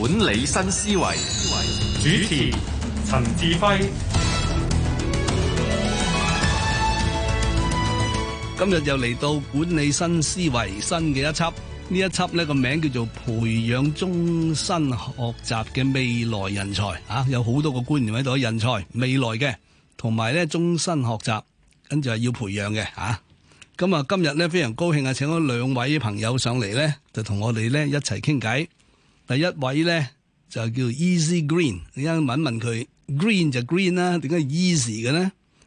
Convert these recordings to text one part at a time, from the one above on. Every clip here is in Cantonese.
管理新思維，主持陳志輝。輝今日又嚟到管理新思維新嘅一輯，呢一輯呢個名叫做培養終身學習嘅未來人才啊！有好多個觀念喺度，人才未來嘅，同埋咧終身學習，跟住係要培養嘅啊！咁啊，今日咧非常高興啊，請咗兩位朋友上嚟咧，就同我哋咧一齊傾偈。第一位咧就叫 Easy Green，你一問問佢 Green 就 Green 啦，點解 Easy 嘅咧？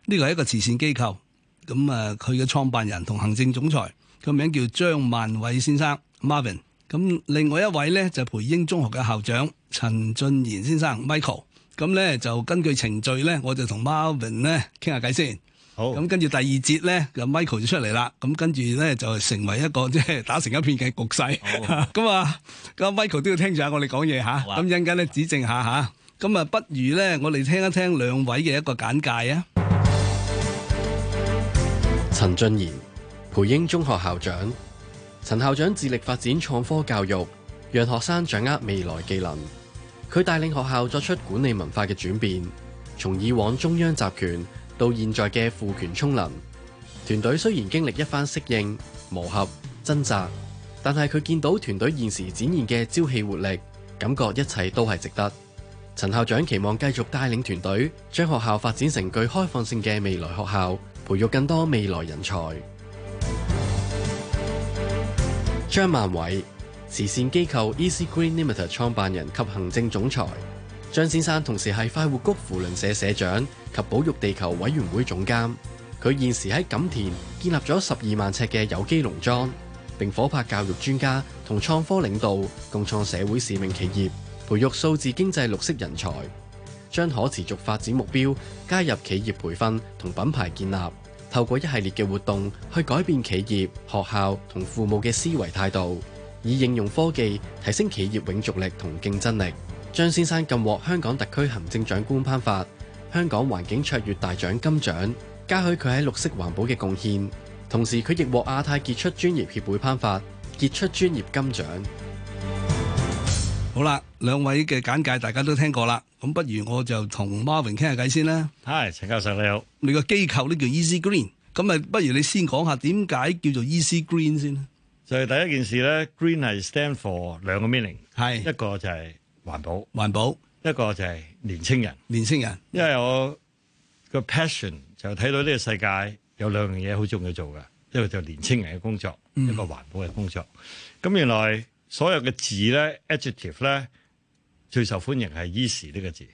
呢個係一個慈善機構，咁啊佢嘅創辦人同行政總裁個名叫張萬偉先生 Marvin。咁另外一位咧就係培英中學嘅校長陳俊賢先生 Michael。咁咧就根據程序咧，我就同 Marvin 咧傾下偈先。好，咁跟住第二節咧，就 Michael 就出嚟啦。咁跟住咧就成為一個即係打成一片嘅局勢。咁好、 嗯、啊，咁 Michael 都要聽住下我哋講嘢吓。咁陣間咧指正下吓。咁啊、嗯，不如咧我哋聽一聽兩位嘅一個簡介啊。陳俊賢，培英中學校長。陳校長致力發展創科教育，讓學生掌握未來技能。佢帶領學校作出管理文化嘅轉變，從以往中央集權。到現在嘅賦權充能團隊雖然經歷一番適應、磨合、掙扎，但係佢見到團隊現時展現嘅朝氣活力，感覺一切都係值得。陳校長期望繼續帶領團隊，將學校發展成具開放性嘅未來學校，培育更多未來人才。 張萬偉，慈善機構 Easy Green Limited 創辦人及行政總裁張先生，同時係快活谷扶輪社社長，及保育地球委員會總監，佢現時喺錦田建立咗十二萬尺嘅有機農莊，並夥拍教育專家同創科領導，共創社會使命企業，培育數字經濟綠色人才，將可持續發展目標加入企業培訓同品牌建立，透過一系列嘅活動去改變企業、學校同父母嘅思維態度，以應用科技提升企業永續力同競爭力。張先生更獲香港特區行政長官頒發。香港環境卓越大獎金獎，嘉許佢喺綠色環保嘅貢獻。同時，佢亦獲亞太傑出專業協會頒發傑出專業金獎。好啦，兩位嘅簡介大家都聽過啦，咁不如我就同 Marvin 傾下偈先啦。係陳教授你好，你個機構咧叫 Easy Green，咁啊，不如你先講下點解叫做 Easy Green 先咧？就係第一件事咧，Green 係 stand for 兩個 meaning，係一個就係環保，環保。一個就係年青人，年青人，因為我個 passion 就睇到呢個世界有兩樣嘢好重要做嘅，嗯、一個就年青人嘅工作，嗯、一個環保嘅工作。咁原來所有嘅字咧，adjective 咧最受歡迎係 easy 呢個字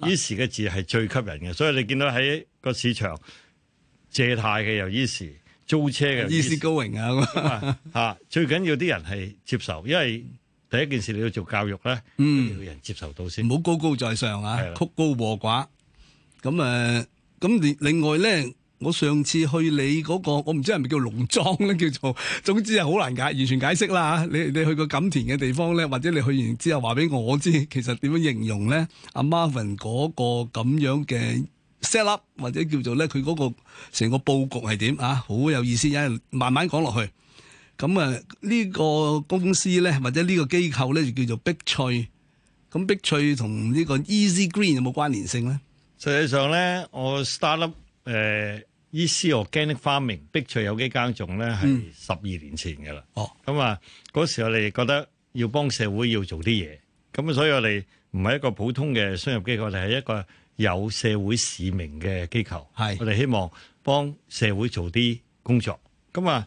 ，easy 嘅 字係最吸引嘅。所以你見到喺個市場借貸嘅又 easy，租車嘅又 easy 高榮啊，嚇！ 最緊要啲人係接受，因為。第一件事你要做教育咧，要有人接受到先。唔好高高在上啊，曲高和寡。咁誒，咁另另外咧，我上次去你嗰個，我唔知係咪叫農莊咧，叫做總之係好難解，完全解釋啦嚇。你你去過錦田嘅地方咧，或者你去完之後話俾我知，其實點樣形容咧？阿 Marvin 嗰個咁樣嘅 set up，或者叫做咧佢嗰個成個佈局係點啊？好有意思，因為慢慢講落去。咁啊，呢個公司咧，或者呢個機構咧，就叫做碧翠。咁碧翠同呢個 Easy Green 有冇關聯性咧？實際上咧，我 start up 誒、呃、e c Organic Farming 碧翠有機耕種咧，係十二年前嘅啦。哦、嗯，咁啊，嗰時我哋覺得要幫社會要做啲嘢，咁所以我哋唔係一個普通嘅商業機構，我哋係一個有社會使命嘅機構。係是，我哋希望幫社會做啲工作。咁啊。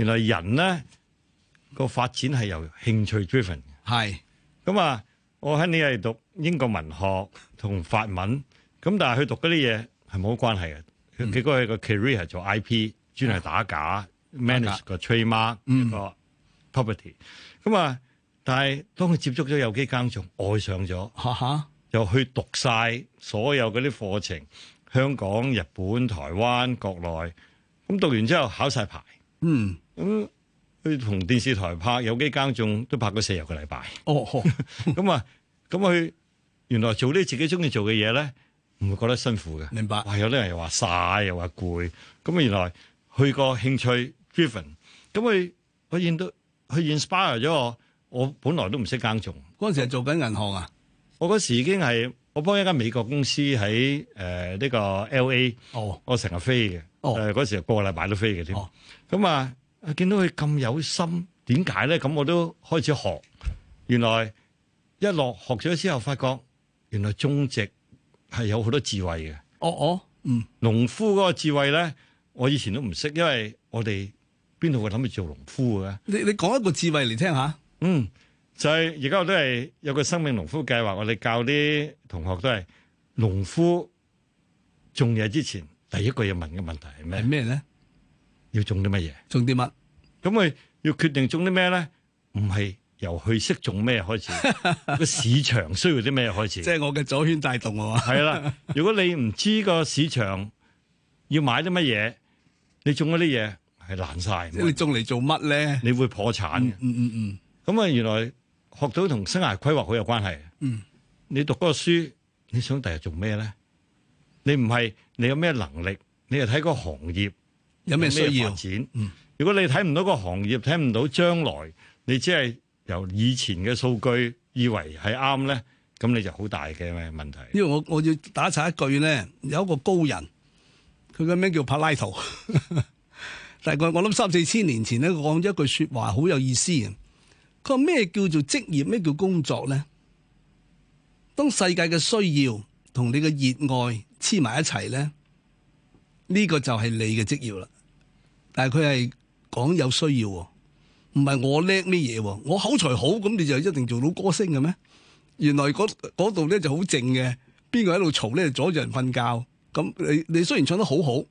原來人咧個發展係由興趣 driven 嘅，係咁是啊！我喺你係讀英國文學同法文，咁但係佢讀嗰啲嘢係冇關係嘅。結果，嗯、個個 career 係做 IP，專係打假、啊、manage 個 trademark 一個 property，嗯。咁 pro 啊，但係當佢接觸咗有機耕種，愛上咗，又、啊、哈去讀晒所有嗰啲課程，香港、日本、台灣、國內，咁讀完之後考晒牌。嗯，咁佢同電視台拍有機耕種，都拍咗四、五個禮拜。哦，咁啊，咁佢原來做啲自己中意做嘅嘢咧，唔會覺得辛苦嘅。明白。哇，有啲人又話晒，又話攰。咁原來去個興趣 driven，咁佢佢見到佢 inspire 咗我，我本來都唔識耕種。嗰陣時係做緊銀行啊。我嗰時已經係我幫一間美國公司喺誒呢個 LA。哦，我成日飛嘅。誒，嗰時個個禮拜都飛嘅添，咁啊見到佢咁有心，點解咧？咁我都開始學，原來一落學咗之後，發覺原來種植係有好多智慧嘅。哦哦，嗯，農夫嗰個智慧咧，我以前都唔識，因為我哋邊度會諗住做農夫嘅？你你講一個智慧嚟聽下。嗯，就係而家我都係有個生命農夫計劃，我哋教啲同學都係農夫種嘢之前。第一個要問嘅問題係咩？咩咧？要種啲乜嘢？種啲乜？咁佢要決定種啲咩咧？唔係由去識種咩開始，個 市場需要啲咩開始？即係我嘅左圈帶動啊嘛。係啦，如果你唔知個市場要買啲乜嘢，你種嗰啲嘢係爛晒。你種嚟做乜咧？你會破產嘅。嗯。嗯嗯嗯。咁啊，原來學到同生涯規劃好有關係。嗯。你讀嗰個書，你想第日做咩咧？你唔係你有咩能力，你係睇個行業有咩需要，有咩發展，嗯。如果你睇唔到個行業，睇唔到將來，你只係由以前嘅數據以為係啱咧，咁你就好大嘅問題。因為我我要打岔一句咧，有一個高人，佢個名叫柏拉圖。 大概我諗三四千年前咧，講咗一句説話，好有意思。佢話咩叫做職業，咩叫工作咧？當世界嘅需要同你嘅熱愛。黐埋一齊咧，呢個就係你嘅職業啦。但係佢係講有需要喎，唔係我叻咩嘢喎？我口才好，咁你就一定做到歌星嘅咩？原來嗰度咧就好靜嘅，邊個喺度嘈咧阻住人瞓覺。咁你你雖然唱得好好，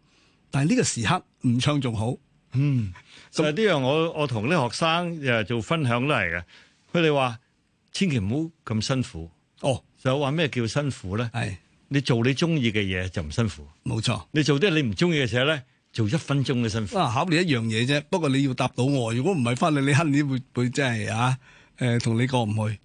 但係呢個時刻唔唱仲好。嗯，就係呢樣，我我同啲學生誒做分享都嚟嘅。佢哋話：千祈唔好咁辛苦。哦，就話咩叫辛苦咧？係。你做你中意嘅嘢就唔辛苦，冇錯。你做啲你唔中意嘅嘢咧，做一分鐘都辛苦。啊，考慮一樣嘢啫。不過你要答到我，如果唔係翻嚟，你今年會會真係啊？誒，同你過唔去？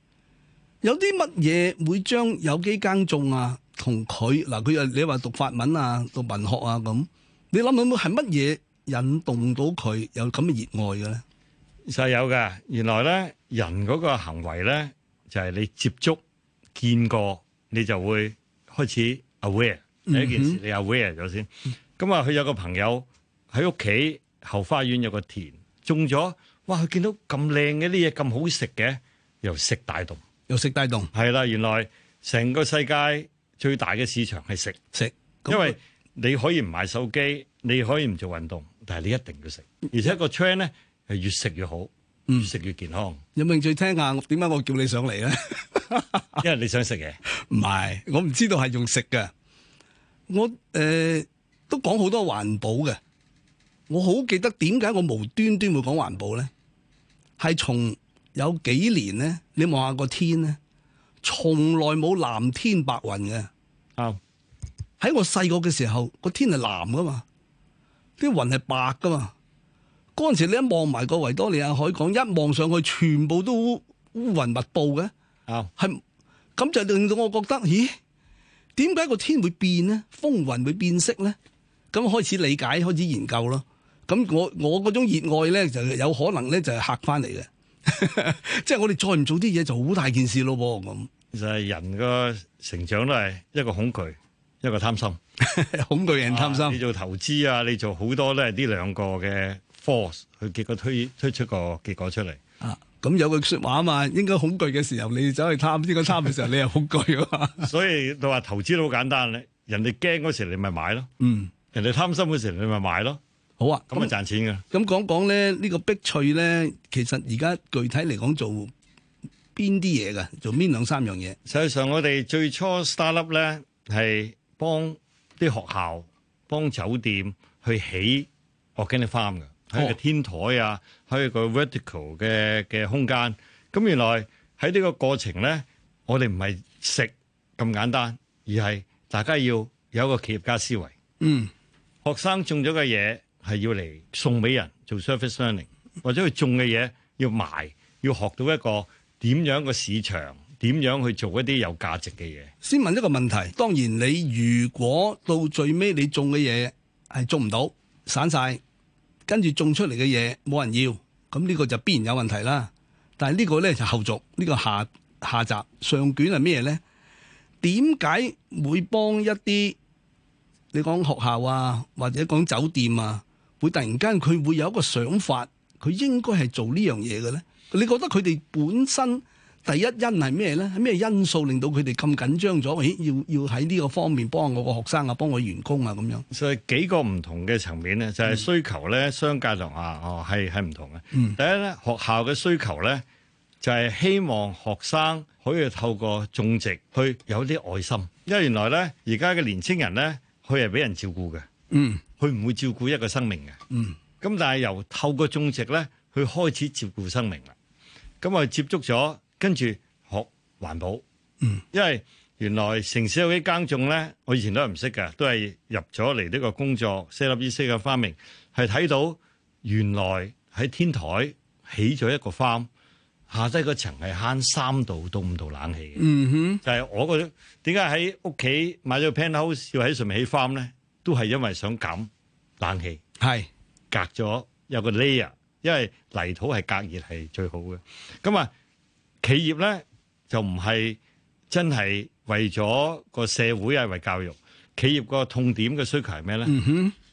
有啲乜嘢會將有機耕種啊，同佢嗱佢啊？你話讀法文啊，讀文學啊咁，你諗諗係乜嘢引動到佢有咁嘅熱愛嘅咧？實有嘅，原來咧人嗰個行為咧就係你接觸見過，你就會。開始 aware 第一件事，你 aware 咗先，咁啊佢有個朋友喺屋企後花園有個田種咗，哇，佢見到咁靚嘅啲嘢，咁好食嘅，又食大動，又食大動。係啦，原來成個世界最大嘅市場係食食，因為你可以唔買手機，你可以唔做運動，但係你一定要食，而且個 trend 咧係越食越好。越食越健康。嗯、有，有冇興趣聽下？點解我叫你上嚟咧？因為你想食嘅。唔係，我唔知道係用食嘅。我誒、呃、都講好多環保嘅。我好記得點解我無端端會講環保咧？係從有幾年咧，你望下個天咧，從來冇藍天白雲嘅。啊！喺我細個嘅時候，個天係藍噶嘛，啲雲係白噶嘛。嗰陣時，你一望埋個維多利亞海港，一望上去，全部都烏，烏雲密佈嘅，係咁、oh. 就令到我覺得，咦？點解個天會變咧？風雲會變色咧？咁開始理解，開始研究咯。咁我我嗰種熱愛咧，就有可能咧， 就係嚇翻嚟嘅。即係我哋再唔做啲嘢，就好大件事咯噃咁。其實係人個成長都係一個恐懼，一個貪心。 恐懼人貪心、啊。你做投資啊，你做好多都係呢兩個嘅。Force 去結果推推出個結果出嚟啊！咁有句説話啊嘛，應該恐懼嘅時候，你走去貪呢個貪嘅時候，你又恐懼啊嘛。 所以你話投資都好簡單咧，人哋驚嗰時你咪買咯。嗯，人哋貪心嗰時你咪買咯。好啊，咁咪賺錢嘅。咁講講咧，這個、呢個碧翠咧，其實而家具體嚟講做邊啲嘢嘅？做邊兩三樣嘢？實際上我哋最初 start up 咧係幫啲學校、幫酒店去起 organic farm 嘅。喺個天台啊，喺個 vertical 嘅嘅空間，咁原來喺呢個過程咧，我哋唔係食咁簡單，而係大家要有一個企業家思維。嗯，學生種咗嘅嘢係要嚟送俾人做 service learning，或者佢種嘅嘢要賣，要學到一個點樣個市場，點樣去做一啲有價值嘅嘢。先問一個問題，當然你如果到最尾你種嘅嘢係種唔到，散晒。跟住種出嚟嘅嘢冇人要，咁呢個就必然有問題啦。但係呢個咧就後續，呢個下下集上卷係咩咧？點解會幫一啲你講學校啊，或者講酒店啊，會突然間佢會有一個想法，佢應該係做呢樣嘢嘅咧？你覺得佢哋本身？第一因係咩咧？係咩因素令到佢哋咁緊張咗？誒、哎，要要喺呢個方面幫我個學生啊，幫我員工啊咁樣。所以幾個唔同嘅層面咧，就係、是、需求咧，商界、嗯哦、同啊哦係係唔同嘅。嗯、第一咧，學校嘅需求咧，就係希望學生可以透過種植去有啲愛心，因為原來咧而家嘅年青人咧，佢係俾人照顧嘅，嗯，佢唔會照顧一個生命嘅，嗯。咁但係由透過種植咧，佢開始照顧生命啦。咁啊，接觸咗。跟住學環保，因為原來城市有啲耕種咧。我以前都係唔識嘅，都係入咗嚟呢個工作，set up 依啲嘅 farm，明係睇到原來喺天台起咗一個 farm，下低個層係慳三度到五度冷氣。嗯哼，就係我覺得點解喺屋企買咗 panel 要喺上面起 farm 呢？都係因為想減冷氣，係隔咗有個 layer，因為泥土係隔熱係最好嘅。咁啊～企業咧就唔係真係為咗個社會，係為教育企業個痛點嘅需求係咩咧？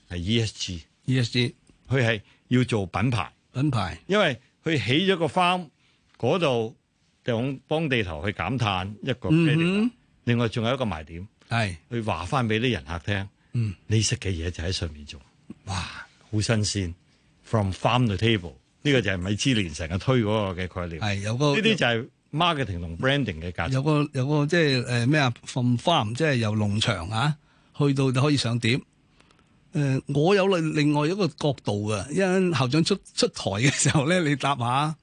係 ESG，ESG 佢係要做品牌，品牌，因為佢起咗個 farm 嗰度，就幫地頭去減碳一個。另外仲有一個賣點係去話翻俾啲人客聽，你食嘅嘢就喺上面做，哇，好新鮮，from farm to table。呢個就係米芝蓮成日推嗰個嘅概念，係有嗰呢啲就係 marketing 同 branding 嘅價值。有個有個即係誒咩啊 from farm，即係由農場啊去到就可以上碟。誒、呃，我有另外一個角度嘅，因為校長出出台嘅時候咧，你答下。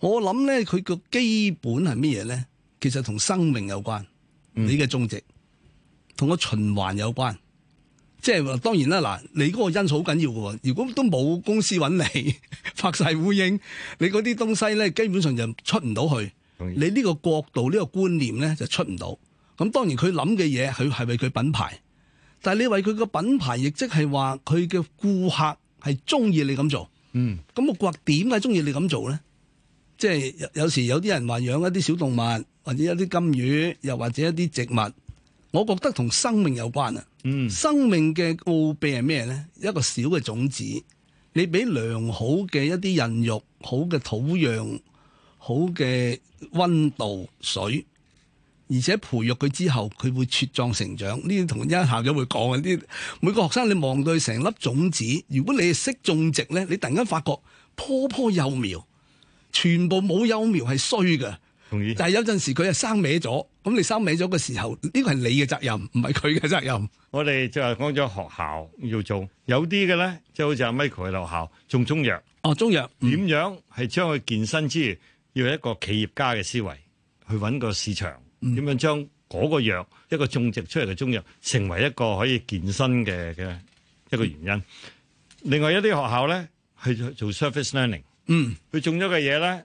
我諗咧，佢個基本係乜嘢咧？其實同生命有關，嗯、你嘅種植同個循環有關。即係當然啦，嗱，你嗰個因素好緊要嘅喎。如果都冇公司搵你， 拍晒烏蠅，你嗰啲東西咧，基本上就出唔到去。然你呢個角度、呢、呢個觀念咧，就出唔到。咁當然佢諗嘅嘢，佢係為佢品牌。但係你為佢個品牌，亦即係話佢嘅顧客係中意你咁做。嗯。咁個顧客點解中意你咁做咧？即係有時有啲人話養一啲小動物，或者一啲金魚，又或者一啲植物。我覺得同生命有關啊。嗯，生命嘅奧秘係咩咧？一個小嘅種子，你俾良好嘅一啲孕育、好嘅土壤、好嘅温度、水，而且培育佢之後，佢會茁壯成長。呢啲同一校長會講嘅，啲每個學生你望到佢成粒種子，如果你識種植咧，你突然間發覺棵棵幼苗，全部冇幼苗係衰嘅。但係有陣時佢又生歪咗，咁你生歪咗嘅時候，呢個係你嘅責任，唔係佢嘅責任。我哋就係講咗學校要做，有啲嘅咧，即係好似阿 Michael 嘅學校種中藥。哦，中藥，嗯、點樣係將佢健身之餘要一個企業家嘅思維去搵個市場，點樣將嗰個藥一個種植出嚟嘅中藥成為一個可以健身嘅嘅一個原因。嗯、另外一啲學校咧去做 surface learning，嗯，佢種咗嘅嘢咧。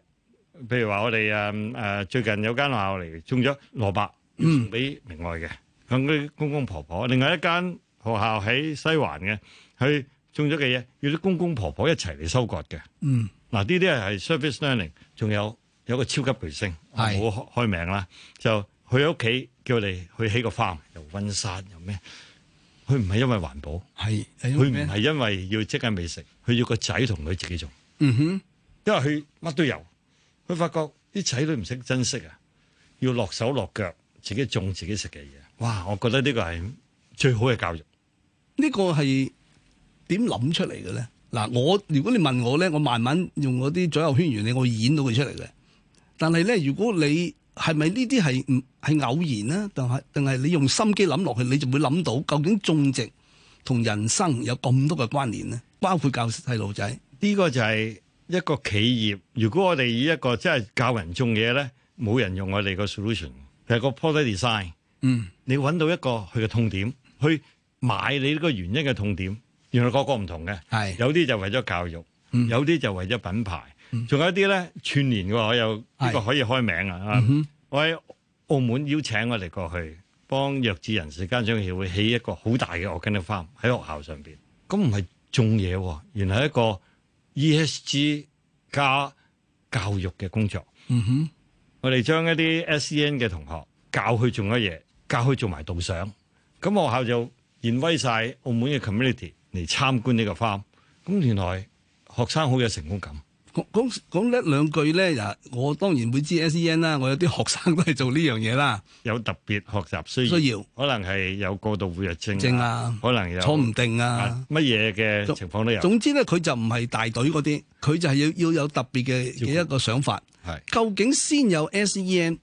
譬如話我哋誒誒，最近有間學校嚟種咗蘿卜俾明愛嘅，咁啲公公婆婆；另外一間學校喺西環嘅，佢種咗嘅嘢要啲公公婆婆一齊嚟收割嘅。嗯，嗱，呢啲係係 service learning，仲有有個超級巨星，我開名啦，就喺屋企叫我哋去起個 farm，又温山又咩？佢唔係因為環保，係，佢唔係因為要即刻美食，佢要個仔同女自己種。嗯哼，因為佢乜都有。佢發覺啲仔女唔識珍惜啊！要落手落腳自己種自己食嘅嘢，哇！我覺得呢個係最好嘅教育。個呢個係點諗出嚟嘅咧？嗱，我如果你問我咧，我慢慢用嗰啲左右圈原理，我會演到佢出嚟嘅。但係咧，如果你係咪呢啲係唔係偶然呢？定係定係你用心機諗落去，你就會諗到究竟種植同人生有咁多嘅關聯呢？包括教細路仔呢個就係、是。一個企業，如果我哋以一個真係教人種嘢咧，冇人用我哋個 solution。譬如個 product design，嗯，你揾到一個佢嘅痛點，去買你呢個原因，嘅痛點，原來個個唔同嘅。係，有啲就為咗教育，有啲就為咗品牌，仲有一啲咧串聯嘅話，我有呢個可以開名啊。我喺澳門邀請我哋過去幫弱智人士家長協會起一個好大嘅 organic farm 喺學校上邊，咁唔係種嘢，原來一個。E.S.G. 加教育嘅工作，嗯哼、mm，hmm。我哋將一啲 S.E.N. 嘅同學教去做乜嘢？教去做埋導賞，咁學校就延威晒澳門嘅 community 嚟參觀呢個 farm。咁原來學生好有成功感。講講一兩句咧，又我當然會知 SEN 啦。我有啲學生都係做呢樣嘢啦。有特別學習需要，需要可能係有過度活躍症，症啊，可能有坐唔定啊，乜嘢嘅情況都有。總、總之咧，佢就唔係大隊嗰啲，佢就係要要有特別嘅一個想法。係顧究竟先有 SEN，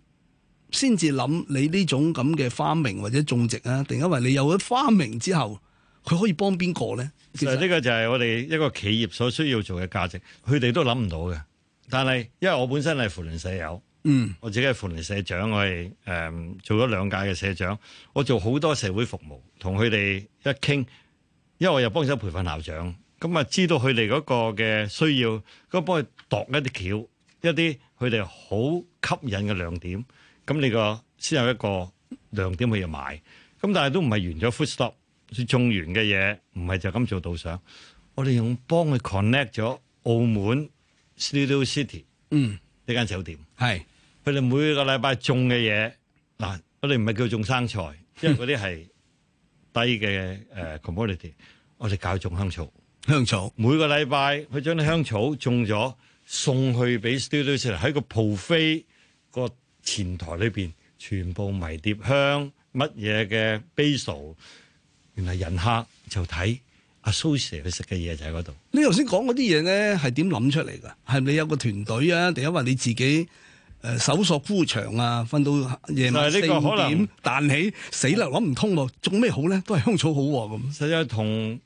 先至諗你呢種咁嘅 farming 或者種植啊？定因為你有咗 farming 之後？佢可以幫邊個咧？其實呢個就係我哋一個企業所需要做嘅價值，佢哋都諗唔到嘅。但係因為我本身係扶輪社友，嗯，我自己係扶輪社長，我係誒、嗯、做咗兩屆嘅社長，我做好多社會服務，同佢哋一傾，因為我又幫手培訓校長，咁啊知道佢哋嗰個嘅需要，咁幫佢度一啲橋，一啲佢哋好吸引嘅亮點，咁你個先有一個亮點去賣，咁但係都唔係完咗。Footstop。佢種完嘅嘢唔係就咁做導賞，我哋用幫佢 connect 咗澳門 Studio City，嗯，呢間酒店係，佢哋是每個禮拜種嘅嘢嗱，啊、我哋唔係叫種生菜，因為嗰啲係低嘅誒、嗯呃、commodity 我哋教佢種香草，香草每個禮拜佢將啲香草種咗送去俾 Studio City 喺個鋪飛個前台裏邊，全部迷迭香乜嘢嘅 basil 原來人客就睇阿蘇 sir 去食嘅嘢就喺嗰度。你頭先講嗰啲嘢咧，係點諗出嚟噶？係咪有個團隊啊？定因為你自己誒搜索枯腸啊，瞓到夜晚四點個可能彈起死啦諗唔通喎，做咩好咧？都係香草好咁、啊。實際同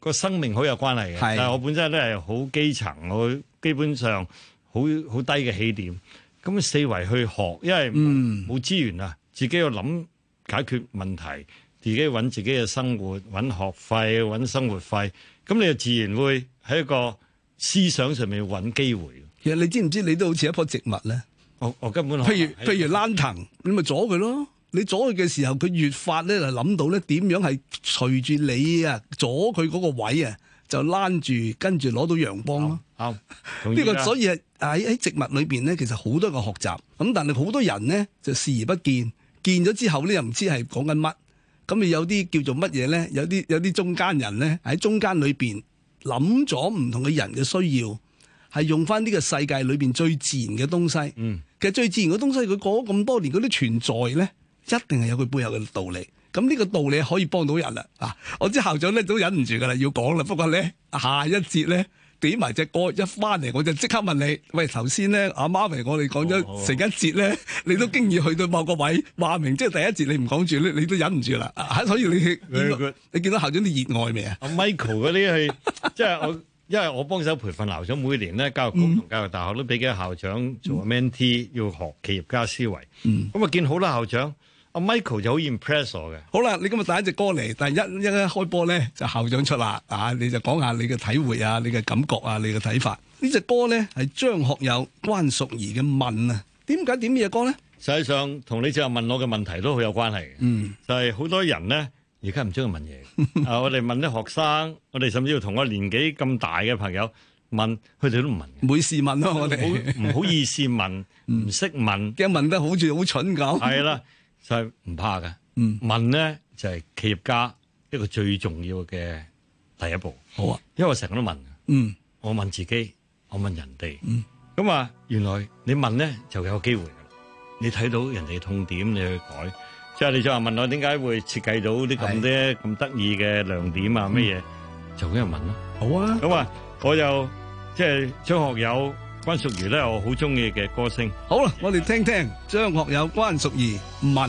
個生命好有關係嘅。是但係我本身咧係好基層，我基本上好好低嘅起點。咁四圍去學，因為冇資源啊，自己要諗解決問題。嗯自己揾自己嘅生活，揾學費，揾生活費。咁你就自然會喺一個思想上面揾機會。其實你知唔知？你都好似一棵植物咧。我我根本譬如譬如躝藤，你咪阻佢咯。你阻佢嘅時候，佢越發咧就諗到咧點樣係隨住你啊，阻佢嗰個位啊，就攣住跟住攞到陽光咯、啊。呢、這個所以係喺喺植物裏邊咧，其實好多個學習咁，但係好多人咧就視而不見，見咗之後咧又唔知係講緊乜。咁你有啲叫做乜嘢咧？有啲有啲中間人咧喺中間裏邊諗咗唔同嘅人嘅需要，係用翻呢個世界裏邊最自然嘅東西。嗯，其實最自然嘅東西，佢過咗咁多年，嗰啲存在咧，一定係有佢背後嘅道理。咁呢個道理可以幫到人啦。嗱，啊，我知校長咧都忍唔住噶啦，要講啦。不過咧，下一節咧。點埋隻歌，一返嚟我就即刻問你。喂，頭先咧阿萬偉我哋講咗成一節咧，你都經已去到某個位話明，即係第一節你唔講住咧，你都忍唔住啦。所以你你 你見到校長啲熱愛未啊？阿 Michael 嗰啲係即係我，因為我幫手培訓校長每年咧，教育局同教育大學都俾幾個校長做 M e N T，要學企業家思維。咁啊 見好多校長。阿 Michael 就好 impress 我嘅。好啦，你今日帶一隻歌嚟，但係一,一一開波咧就校長出啦，啊，你就講下你嘅體會啊，你嘅感覺啊，你嘅睇法。呢隻歌咧係張學友關淑怡嘅問啊。點解點嘢歌咧？實際上同你今日問我嘅問題都好有關係嘅。嗯，就係好多人咧而家唔鍾意問嘢。嗯、啊，我哋問啲學生，我哋甚至要同我年紀咁大嘅朋友問，佢哋都唔問嘅。唔、啊、 好意思問，唔識問，驚問得好似好蠢咁。係啦。就唔怕嘅，問咧就係企業家一個最重要嘅第一步。好啊，因為我成日都問。嗯，我問自己，我問人哋。嗯，咁啊，原來你問咧就有機會㗎。你睇到人哋痛點，你去改。即係你就話問我點解會設計到啲咁啲咁得意嘅亮點啊？乜嘢？就咁樣問咯。好啊。咁啊，我又即係張學友。關淑怡呢，我好中意嘅歌聲。好啦，我哋聽聽張學友、關淑怡《問》。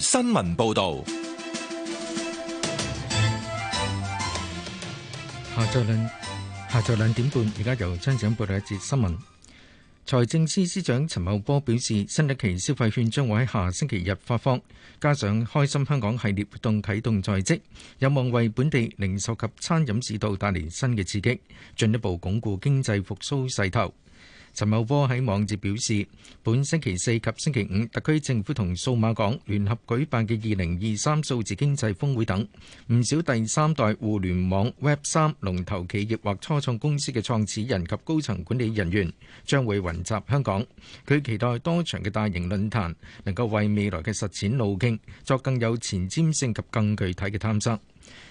新聞報道。下晝兩下晝兩點半，而家由新聞報道一節新聞。財政司司長陳茂波表示，新一期消費券將會喺下星期日發放，加上開心香港系列活動啟動在即，有望為本地零售及餐飲市道帶來新嘅刺激，進一步鞏固經濟復蘇勢頭。陳茂波喺網誌表示，本星期四及星期五，特區政府同數碼港聯合舉辦嘅二零二三數字經濟峰會等，唔少第三代互聯網 Web 三龍頭企業或初創公司嘅創始人及高層管理人員將會雲集香港。佢期待多場嘅大型論壇能夠為未來嘅實踐路徑作更有前瞻性及更具體嘅探索。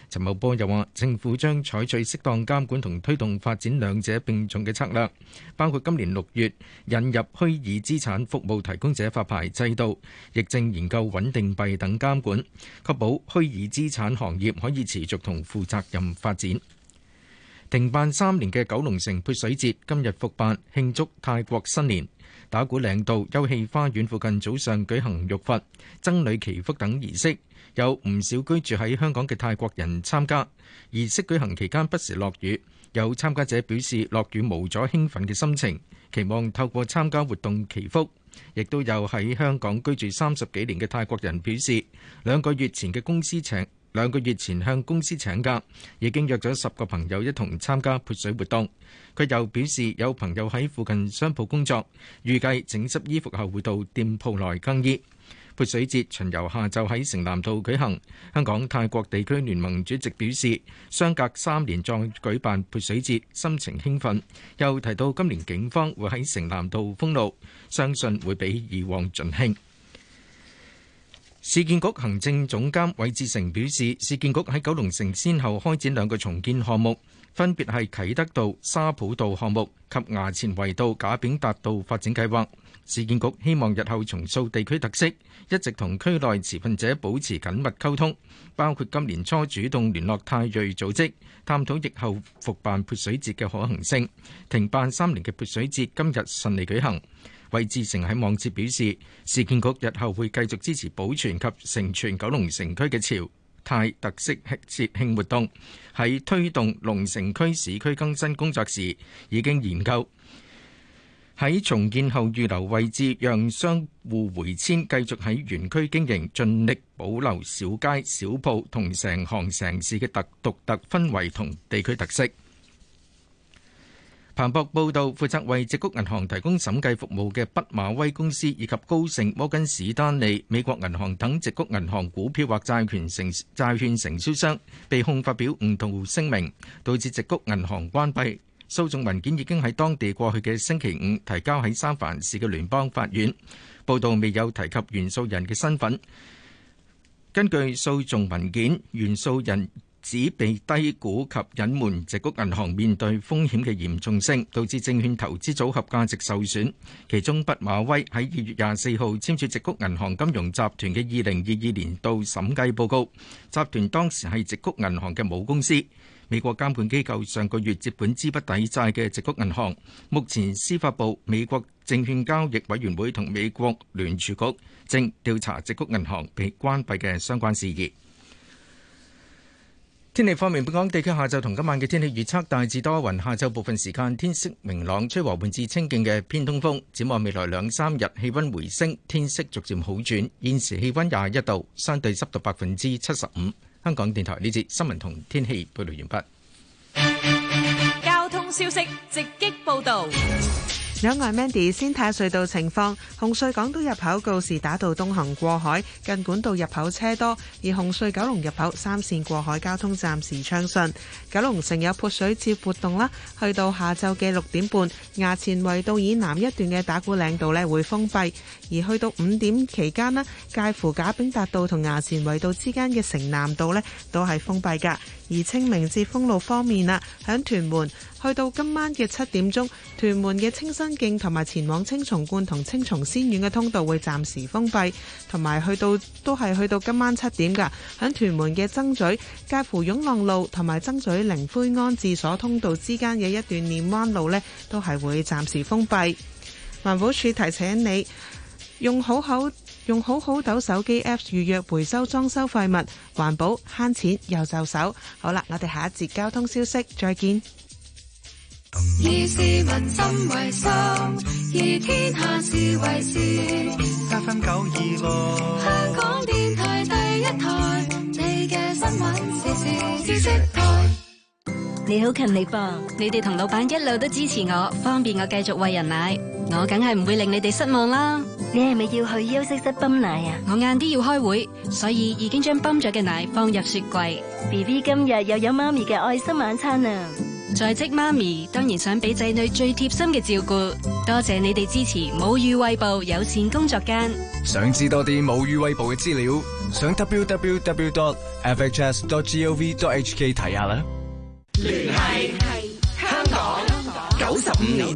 陳茂波又話，政府將採取適當監管同推動發展兩者並重嘅策略，包括今年六月引入虛擬資產服務提供者發牌制度，亦正研究穩定幣等監管，確保虛擬資產行業可以持續同負責任發展。停辦三年嘅九龍城潑水節今日復辦，慶祝泰國新年。打鼓嶺道休憩花園附近早上舉行浴佛、僧侶祈福等儀式。有唔少居住喺香港嘅泰國人參加儀式。舉行期間不時落雨，有參加者表示落雨無阻興奮嘅心情，期望透過參加活動祈福。亦都有喺香港居住三十幾年嘅泰國人表示，兩個月前嘅公司請，兩個月前向公司請假，已經約咗十個朋友一同參加潑水活動。佢又表示有朋友喺附近商鋪工作，預計整濕衣服後會到店鋪內更衣。潑水節巡遊下晝喺城南道舉行。香港泰國地區聯盟主席表示，相隔三年再舉辦潑水節，心情興奮。又提到今年警方會喺城南道封路，相信會比以往盡興。市建局行政總監韋志成表示，市建局喺九龍城先後開展兩個重建項目，分別係啟德道、沙浦道項目及衙前圍道、賈炳達道發展計劃。市建局希望日後重塑地區特色，一直同區內持份者保持緊密溝通，包括今年初主動聯絡泰瑞組織探討疫後復辦潑水節嘅可行性。停辦三年嘅潑水節今日順利舉行。韋志成喺網誌表示，市建局日後會繼續支持保存及承傳九龍城區嘅潮泰特色節慶活動，喺推動龍城區市區更新工作時已經研究。喺重建後預留位置，讓商戶回遷繼續喺園區經營，盡力保留小街小鋪同成行成市嘅特獨特氛圍同地區特色。彭博報道，負責為矽谷銀行提供審計服務嘅畢馬威公司以及高盛、摩根士丹利、美國銀行等矽谷銀行股票或債券承債券承銷商，被控發表唔同聲明，導致矽谷銀行關閉。訴訟文件已經喺當地過去嘅星期五提交喺三藩市嘅聯邦法院。報道未有提及原訴人嘅身份。根據訴訟文件，原訴人指被低估及隱瞞直谷銀行面對風險嘅嚴重性，導致證券投資組合價值受損。其中畢馬威喺二月廿四號簽署直谷銀行金融集團嘅二零二二年度審計報告，集團當時係直谷銀行嘅母公司。美國監管機構上個月接本資不抵債嘅直谷銀行，目前司法部、美國證券交易委員會同美國聯儲局正調查直谷銀行被關閉嘅相關事宜。天氣方面，本港地區下晝同今晚嘅天氣預測大致多雲，下晝部分時間天色明朗，吹和緩至清勁嘅偏東風。展望未來兩三日，氣溫回升，天色逐漸好轉。現時氣溫廿一度，相對濕度百分之七十五。香港電台呢節新聞同天氣報道完畢。交通消息直擊報道。兩岸 Mandy 先睇隧道情況。紅隧港島入口告士打道東行過海，近管道入口車多，而紅隧九龍入口三線過海交通暫時暢順。九龍城有潑水節活動啦，去到下晝嘅六點半，衙前圍道以南一段嘅打鼓嶺道咧會封閉。而去到五點期間呢，介乎賈炳達道同衙前圍道之間嘅城南道呢都係封閉㗎。而清明節封路方面啦，響屯門去到今晚嘅七點鐘，屯門嘅青山徑同埋前往青松觀同青松仙苑嘅通道會暫時封閉，同埋去到都係去到今晚七點㗎。響屯門嘅曾咀介乎湧浪路同埋曾咀靈灰安置所通道之間嘅一段稔灣路呢都係會暫時封閉。環保署提醒你。用好好用好好斗手機 APP 預約回收裝修廢物，環保慳錢又就手。好啦，我哋下一節交通消息再見。以市民心為心，以天下事為事。八分九二六，香港電台第一台，你嘅新聞時事知識台。你好勤力噃！你哋同老闆一路都支持我，方便我繼續喂人奶。我梗係唔會令你哋失望啦。你係咪要去休息室泵奶啊？我晏啲要開會，所以已經將泵咗嘅奶放入雪櫃。B B 今日又有媽咪嘅愛心晚餐啊！在職媽咪當然想俾仔女最貼心嘅照顧。多謝你哋支持母乳喂哺友善工作間。想知多啲母乳喂哺嘅資料，上 www.fhs.gov.hk 睇下啦。聯繫香港九十五年，年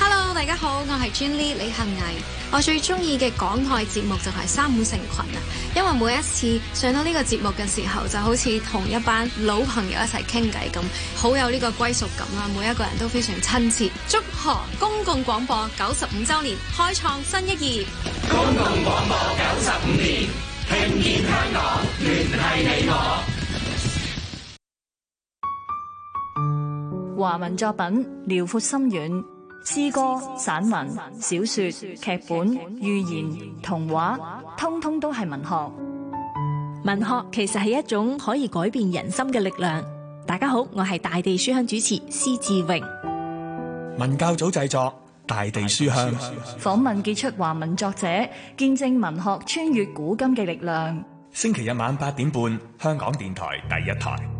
Hello，大家好，我係 Jenny 李杏毅，我最中意嘅港台節目就係、是、三五成群啊，因為每一次上到呢個節目嘅時候，就好似同一班老朋友一齊傾偈咁，好有呢個歸屬感啊。每一個人都非常親切。祝賀公共廣播九十五周年，開創新一頁。公共廣播九十五年，聽見香港，聯繫你我。華文作品遼闊深遠，詩歌、散文、小說、劇本、寓言、童話，通通都係文學。文學其實係一種可以改變人心嘅力量。大家好，我係大地書香主持施志榮。文教組製作，大地書香。訪問傑出華文作者，見證文學穿越古今嘅力量。星期日晚八點半，香港電台第一台。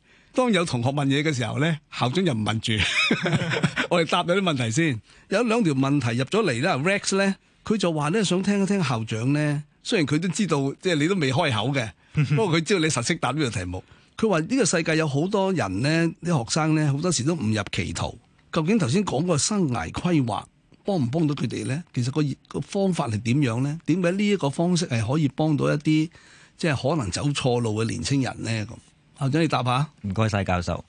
當有同學問嘢嘅時候咧，校長又唔問住， 我哋答咗啲問題先。 有兩條問題入咗嚟啦，Rex 咧，佢就話咧想聽一聽校長咧。雖然佢都知道，即係你都未開口嘅，不過佢知道你實識答呢個題目。佢話呢個世界有好多人咧，啲學生咧，好多時都誤入歧途。究竟頭先講個生涯規劃幫唔幫到佢哋咧？其實個個方法係點樣咧？點解呢一個方式係可以幫到一啲即係可能走錯路嘅年青人咧？咁？阿張，你答下。唔該晒教授。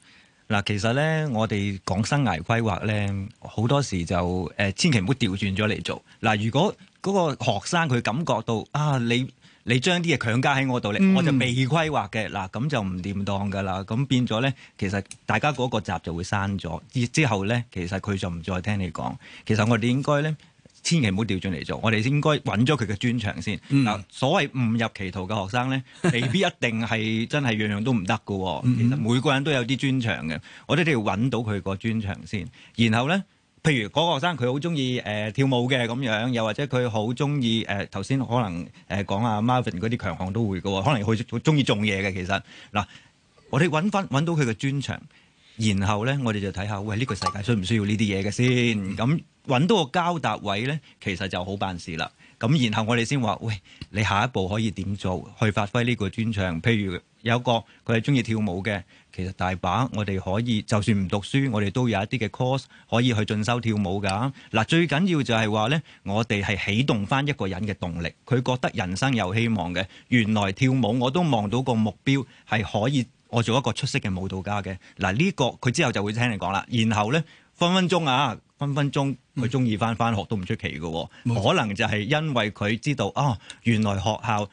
嗱，其實咧，我哋講生涯規劃咧，好多時就誒、呃，千祈唔好調轉咗嚟做。嗱，如果嗰個學生佢感覺到啊，你你將啲嘢強加喺我度嚟，嗯、我就未規劃嘅。嗱，咁就唔掂當㗎喇。咁變咗咧，其實大家嗰個集就會刪咗。之之後咧，其實佢就唔再聽你講。其實我哋應該咧。千祈唔好掉轉嚟做，我哋應該揾咗佢嘅專長先。嗱、mm，hmm. 所謂誤入歧途嘅學生咧，未必 一定係真係樣樣都唔得嘅。Mm hmm. 其實每個人都有啲專長嘅，我哋都要揾到佢個專長先。然後咧，譬如嗰個學生佢好中意誒跳舞嘅咁樣，又或者佢好中意誒頭先可能誒講阿 Marvin 嗰啲強項都會嘅，可能佢好中意種嘢嘅。其實嗱、呃，我哋揾翻揾到佢嘅專長，然後咧我哋就睇下喂，呢、呢個世界需唔需要呢啲嘢嘅先咁。揾到個交達位呢，其實就好辦事啦。咁然後我哋先話，喂，你下一步可以點做，去發揮呢個專長？譬如有一個佢係鍾意跳舞嘅，其實大把我哋可以，就算唔讀書，我哋都有一啲嘅 course 可以去進修跳舞㗎。嗱、啊，最緊要就係話呢，我哋係啟動返一個人嘅動力，佢覺得人生有希望嘅。原來跳舞我都望到個目標係可以，我做一個出色嘅舞蹈家嘅。嗱、啊，呢、這個佢之後就會聽人講啦。然後呢。分分鐘啊，分分鐘佢中意翻翻學都唔出奇嘅。嗯、可能就係因為佢知道啊、嗯哦，原來學校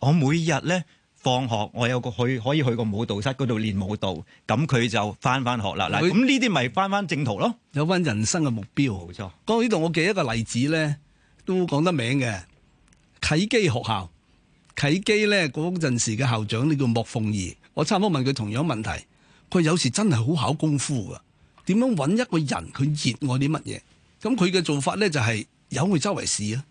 我每日咧放學我有個去可，可以去個舞蹈室嗰度練舞蹈，咁佢就翻翻學啦。嗱，咁呢啲咪翻翻正途咯，有翻人生嘅目標。冇錯錯，講到呢度，我記一個例子咧，都講得名嘅啟基學校，啟基咧嗰陣時嘅校長呢叫莫鳳儀，我差唔多問佢同樣問題，佢有時真係好考功夫噶。點樣揾一個人佢熱愛啲乜嘢？咁佢嘅做法咧就係、是、有佢周圍試啊。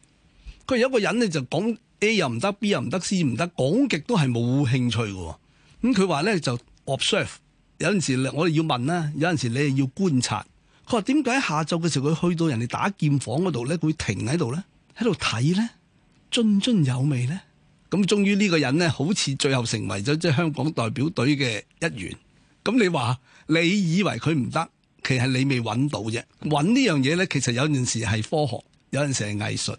佢有一個人咧就講 A 又唔得，B 又唔得，C 唔得，講極都係冇興趣嘅。咁佢話咧就 observe、啊。有陣時我哋要問啦，有陣時你要觀察。佢話點解下晝嘅時候佢去到人哋打劍房嗰度咧，佢停喺度咧，喺度睇咧，津津有味咧。咁終於呢個人咧，好似最後成為咗即係香港代表隊嘅一員。咁你話你以為佢唔得？其實你未揾到啫，揾呢樣嘢咧其實有陣時係科學，有陣時係藝術，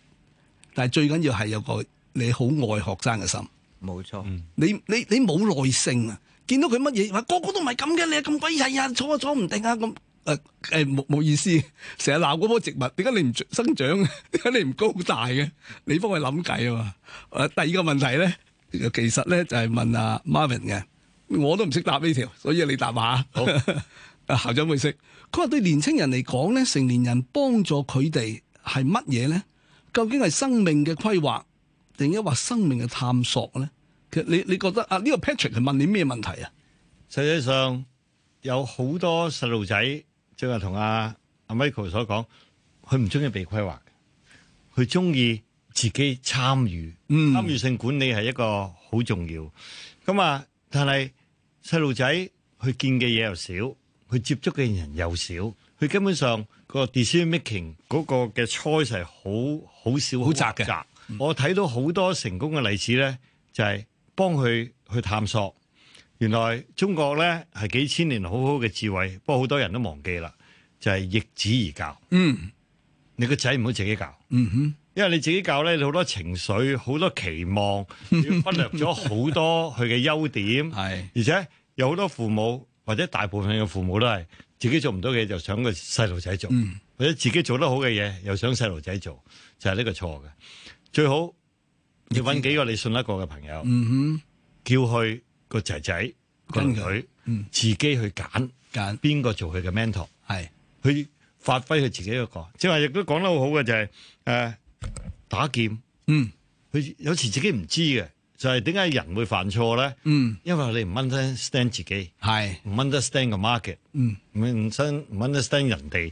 但係最緊要係有個你好愛學生嘅心。冇錯錯，你你你冇耐性啊！見到佢乜嘢，話個個都唔係咁嘅，你咁鬼日日坐坐唔定啊！咁誒誒，冇、呃、冇、欸、意思，成日鬧嗰棵植物，點解你唔生長？點解你唔高大嘅？你幫佢諗計啊嘛、呃！第二個問題咧，其實咧就係、是、問阿、啊、Marvin 嘅，我都唔識答呢條，所以你答嘛？好， 校長會識。佢話對年青人嚟講咧，成年人幫助佢哋係乜嘢咧？究竟係生命嘅規劃，定抑或生命嘅探索咧？其實你你覺得啊，呢個 Patrick 係問你咩問題啊？實際上有好多細路仔，即係同阿阿 Michael 所講，佢唔中意被規劃，佢中意自己參與。嗯，參與性管理係一個好重要。咁啊，但係細路仔佢見嘅嘢又少。佢接觸嘅人又少，佢根本上個 decision making 嗰個嘅 choice 係好好少好窄嘅。我睇到好多成功嘅例子咧，就係幫佢去探索。原來中國咧係幾千年好好嘅智慧，不過好多人都忘記啦，就係易子而教。嗯，你個仔唔好自己教。嗯哼，因為你自己教咧，你好多情緒，好多期望，你要忽略咗好多佢嘅優點。係，而且有好多父母。或者大部分嘅父母都係自己做唔到嘅嘢，就想個細路仔做；嗯、或者自己做得好嘅嘢，又想細路仔做，就係、是、呢個錯嘅。最好要搵幾個你信得過嘅朋友，嗯、哼叫佢個仔仔跟佢自己去揀揀邊個做佢嘅 mentor，係、嗯、去發揮佢自己一個。即係話亦都講得好好嘅就係、是、誒、呃、打劍，嗯，佢有時自己唔知嘅。就係點解人會犯錯咧？嗯，因為你唔 understand 自己，係唔 understand 個 market，嗯，唔 understand 人哋，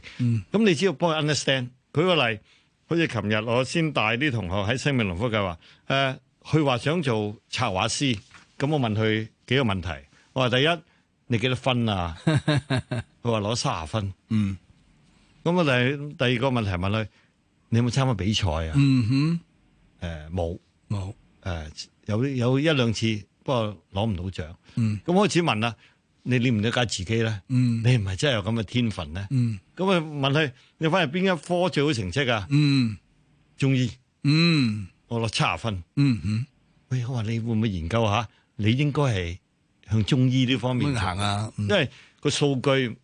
咁你只要幫佢 understand。舉個例，好似琴日我先帶啲同學喺生命農夫計劃，誒，佢話想做策劃師，咁我問佢幾個問題，我話第一你幾多分啊？佢話攞三十分，嗯，咁我第第二個問題問佢，你有冇參加比賽啊？嗯哼，誒冇，冇，誒。有有一兩次，不過攞唔到獎。咁、嗯、開始問啦，你了唔了解自己咧？你唔係真係有咁嘅天分咧？咁啊問佢，你翻嚟邊一科最好成績啊？嗯、中醫。嗯、我攞七十分。嗯、喂，我話你會唔會研究下？你應該係向中醫呢方面行啊。嗯、因為個數據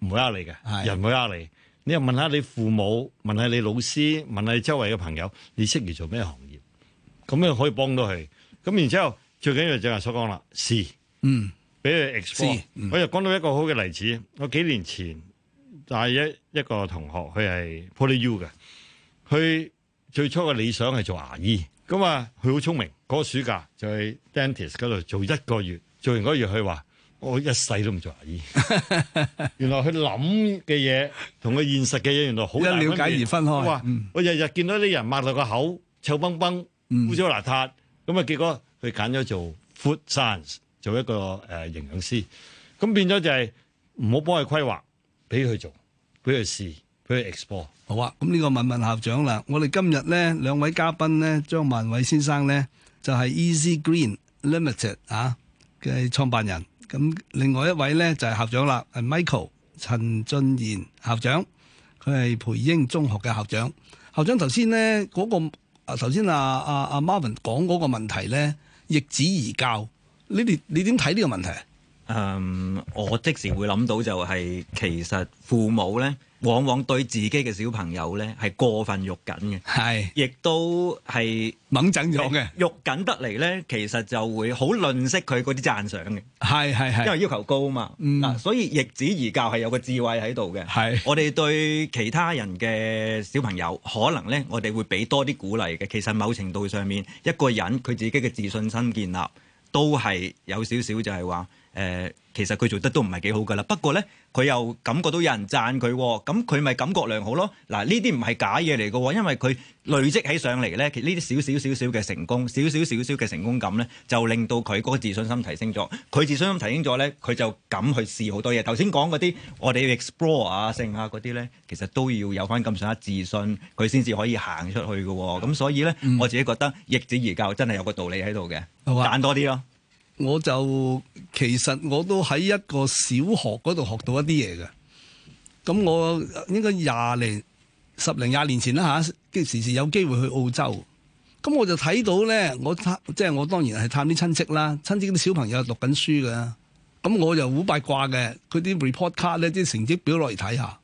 唔會呃你嘅，的人唔會呃你。你又問下你父母，問下你老師，問下你周圍嘅朋友，你適宜做咩行業？咁樣可以幫到佢。咁然之後，最緊要就係所講啦，是，嗯，俾佢 export。我又講到一個好嘅例子，我幾年前，但係一一個同學，佢係 PolyU 嘅，佢最初嘅理想係做牙醫。咁啊，佢好聰明，嗰個暑假就去 dentist 嗰度做一個月，做完嗰月佢話：我一世都唔做牙醫。原來佢諗嘅嘢同佢現實嘅嘢，原來好難瞭解而分開。我日日見到啲人抹落個口，臭崩崩，污糟邋遢。咁啊！結果佢揀咗做 Food Science，做一個誒、呃、營養師。咁變咗就係唔好幫佢規劃，俾佢做，俾佢試，俾佢 export。好啊！咁呢個問問校長啦。我哋今日咧兩位嘉賓咧，張萬偉先生咧就係、是、Easy Green Limited 啊嘅創辦人。咁另外一位咧就係、是、校長啦，係 Michael 陳俊賢校長，佢係培英中學嘅校長。校長頭先咧嗰個。啊，首先阿阿阿 Marvin 講嗰個問題咧，易子而教，你哋你點睇呢個問題啊？誒，um, 我即時會諗到就係其實父母咧。往往對自己嘅小朋友呢係過分喐緊嘅，係是，亦都係掹整咗嘅。喐緊得嚟呢，其實就會好吝惜佢嗰啲讚賞嘅。係係係，因為要求高啊嘛。嗱、嗯，所以易子而教係有個智慧喺度嘅。係是，我哋對其他人嘅小朋友，可能呢，我哋會俾多啲鼓勵嘅。其實某程度上面，一個人佢自己嘅自信心建立都係有少少，就係話。誒，其實佢做得都唔係幾好噶啦，不過咧，佢又感覺到有人讚佢，咁佢咪感覺良好咯。嗱，呢啲唔係假嘢嚟嘅喎，因為佢累積起上嚟咧，呢啲少少少少嘅成功，少少少少嘅成功感咧，就令到佢嗰個自信心提升咗。佢自信心提升咗咧，佢就敢去試好多嘢。頭先講嗰啲，我哋要 explore 啊、盛啊嗰啲咧，其實都要有翻咁上下自信，佢先至可以行出去嘅。咁所以咧，嗯、我自己覺得易子而教真係有個道理喺度嘅，好啊，讚多啲咯。我就其實我都喺一個小學嗰度學到一啲嘢嘅，咁我應該廿零十零廿年前啦嚇，啲、啊、時時有機會去澳洲，咁我就睇到咧，我即係我當然係探啲親戚啦，親戚啲小朋友讀緊書嘅，咁我就好八卦嘅，佢啲 report card 咧即係成績表落嚟睇下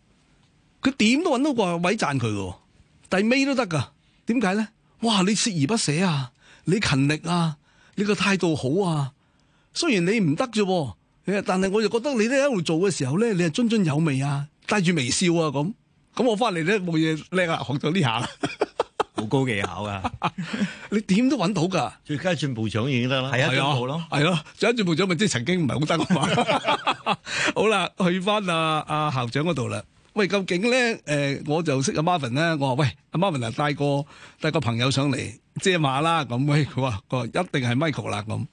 看看，佢點都揾到個位讚佢嘅，第尾都得噶，點解咧？哇！你鍥而不捨啊，你勤力啊，你個態度好啊！雖然你唔得啫，但係我就覺得你咧喺度做嘅時候咧，你係津津有味啊，帶住微笑啊咁。咁我翻嚟咧，冇嘢叻啦，學咗呢下，好 高技巧啊。 你點都揾到噶，最佳進步獎已經得啦，係啊進步咯，係咯，最佳進步獎咪即係曾經唔係 好得嘛。好啦，去翻阿阿校長嗰度啦。喂，究竟咧？誒、呃，我就識阿 Marvin 啦。我話喂，阿 Marvin 啊，帶個帶個朋友上嚟遮馬啦。咁喂佢話佢話一定係 Michael 啦咁。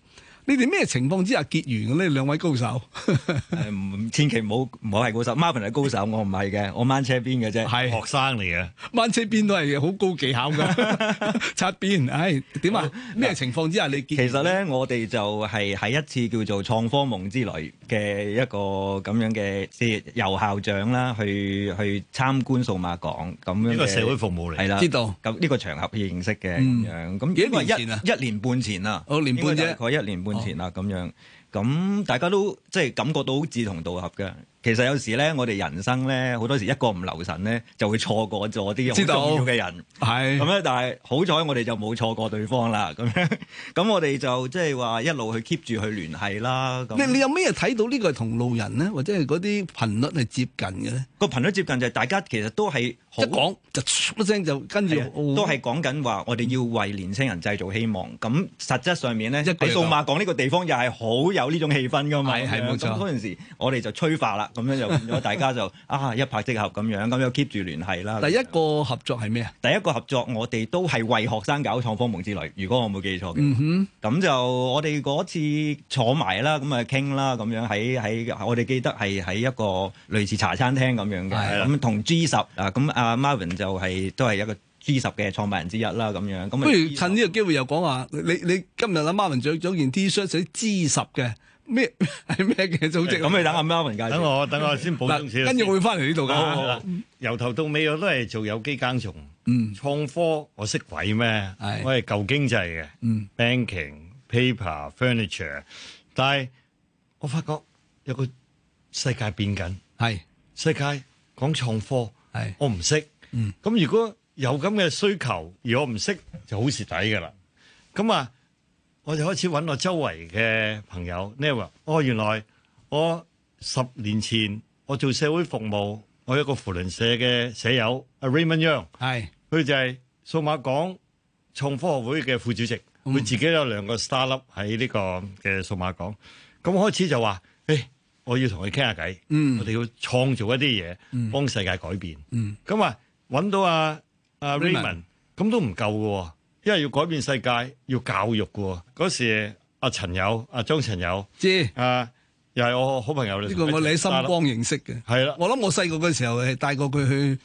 你哋咩情況之下結緣嘅咧？兩位高手，誒，唔千祈唔好唔好係高手，Marvin 係高手，我唔係嘅，我掹車邊嘅啫，係學生嚟嘅，掹車邊都係好高技巧㗎，擦邊，唉，點啊？咩情況之下你結？其實咧，我哋就係喺一次叫做創科夢之旅嘅一個咁樣嘅，即由校長啦去去參觀數碼港咁樣。呢個社會服務嚟，係啦，知道咁呢個場合認識嘅咁樣。咁幾年前啊？一年半前啊？哦，年半啫，佢一年半前啦咁樣，咁大家都即係感覺到好志同道合嘅。其實有時咧，我哋人生咧，好多時一個唔留神咧，就會錯過咗啲好重要嘅人。係咁咧，但係好彩我哋就冇錯過對方啦。咁樣，咁我哋就即係話一路去 keep 住去聯繫啦。咁你你有咩嘢睇到呢個係同路人咧，或者係嗰啲頻率係接近嘅咧？個頻率接近就係大家其實都係。一講就一聲，就跟住都係講緊話，我哋要為年青人製造希望。咁實質上面咧，喺數碼港呢個地方又係好有呢種氣氛噶嘛。係係冇錯。嗰陣時我哋就催化啦，咁樣就變咗大家就 啊一拍即合咁樣，咁又 keep 住聯繫啦。第一個合作係咩啊？第一個合作我哋都係為學生搞創科夢之類。如果我冇記錯嘅，咁、嗯、哼就我哋嗰次坐埋啦，咁啊傾啦，咁樣喺喺我哋記得係喺一個類似茶餐廳咁樣嘅，咁同 G 十啊咁啊。啊啊阿 Marvin 就係都係一個 G 十嘅創辦人之一啦，咁樣。不如趁呢個機會又講下，你你今日阿 Marvin 著咗件 T-shirt 寫 G 十嘅咩係咩嘅組織？咁你等阿 Marvin 介紹。等我等我先補充先。跟住會翻嚟呢度㗎。由頭到尾我都係做有機耕種。嗯。創科我識鬼咩？我係舊經濟嘅。嗯。Banking、Paper、Furniture，但係我發覺有個世界變緊。係。世界講創科。係，是我唔識，咁如果有咁嘅需求，而我唔識就好蝕底噶啦。咁啊，我就開始揾我周圍嘅朋友，呢話 哦，原來我十年前我做社會服務，我有一個扶輪社嘅舍友 Raymond Young，係是，佢就係數碼港創科學會嘅副主席，佢 自己有兩個 Star 粒喺呢個嘅數碼港。咁開始就話。我要同佢傾下偈，嗯、我哋要創造一啲嘢，幫、嗯、世界改變。咁、嗯、啊，揾到阿阿 Raymond，咁都唔夠嘅，因為要改變世界要教育嘅。嗰時阿、啊、陳友、阿、啊、張陳友，知啊，又係我好朋友嚟。呢這個我哋喺新光認識嘅，係啦的。我諗我細個嘅時候係帶過佢去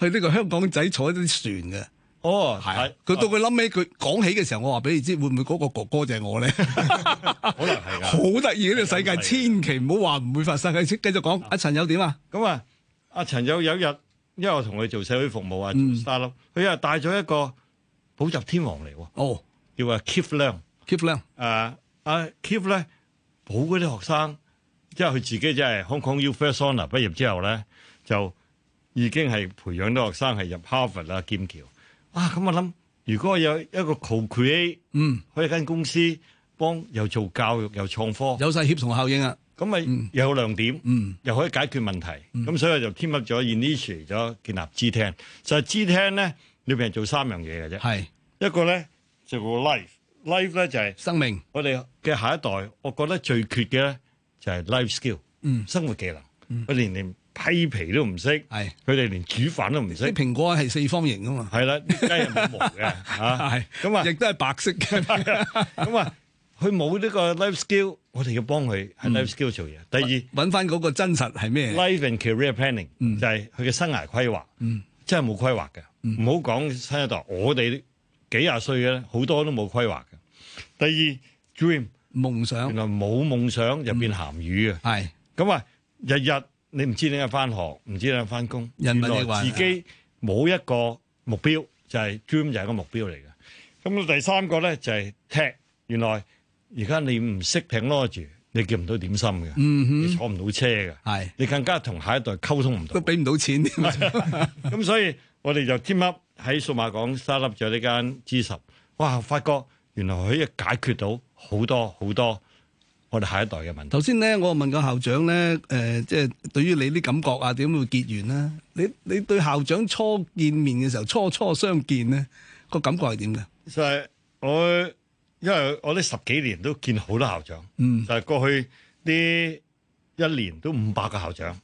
去呢個香港仔坐啲船嘅。.哦，係佢、oh, 啊、到佢諗起佢講起嘅時候，我話俾你知，會唔會嗰個哥哥就係我咧？ 可能係啊，好得意呢個世界，的千祈唔好話唔會發生。繼續講阿陳友點啊？咁啊，阿陳友有一日，因為我同佢做社會服務啊，做沙粒、嗯，佢又帶咗一個補習天王嚟喎。哦，叫阿 Keep Lam，Keep Lam，誒、uh, uh，阿 Keep 咧，補嗰啲學生，即係佢自己即係 Hong Kong U First Honour 畢業之後咧，就已經係培養啲學生係入 Harvard 啦，劍橋。啊咁我諗，如果我有一個 co-create，嗯，開一間公司，幫又做教育又創科，有晒協同效應啊。咁咪又有亮點，嗯，又可以解決問題。咁所以就添入咗 initial 咗建立支聽。就係支聽咧，裏面係做三樣嘢嘅啫。係一個咧就個 life，life 咧就係生命。我哋嘅下一代，我覺得最缺嘅咧就係 life skill，嗯，生活技能。嗯，我哋年年。批皮都唔識，係佢哋連煮飯都唔識。啲蘋果係四方形噶嘛？係啦，雞係冇毛嘅吓，咁啊亦都係白色嘅。咁啊，佢冇呢個 life skill，我哋要幫佢喺 life skill 做嘢。第二，揾翻嗰個真實係咩？Life and Career Planning 就係佢嘅生涯規劃。嗯，真係冇規劃嘅。唔好講新一代，我哋幾廿歲嘅咧，好多都冇規劃嘅。第二，dream 夢想，冇夢想入面鹹魚啊。係咁啊，日日。你唔知點解翻學，唔知點解翻工，原來自己冇一個目標，就係 dream，就係個目標嚟嘅。咁到第三個咧就係 tech，原來而家你唔識 technology，你叫唔到點心嘅，你坐唔到車嘅，你更加同下一代溝通唔到，都俾唔到錢。咁所以我哋就 team up 喺數碼港 start up 咗呢間 G10，哇！我發覺原來可以解決到好多好多。我哋下一代嘅問題。頭先咧，我問個校長咧，誒、呃，即係對於你啲感覺啊，點會結緣咧？你你對校長初見面嘅時候，初初相見咧，個感覺係點嘅？就係我，因為我呢十幾年都見好多校長，嗯，就係過去啲一年都五百個校長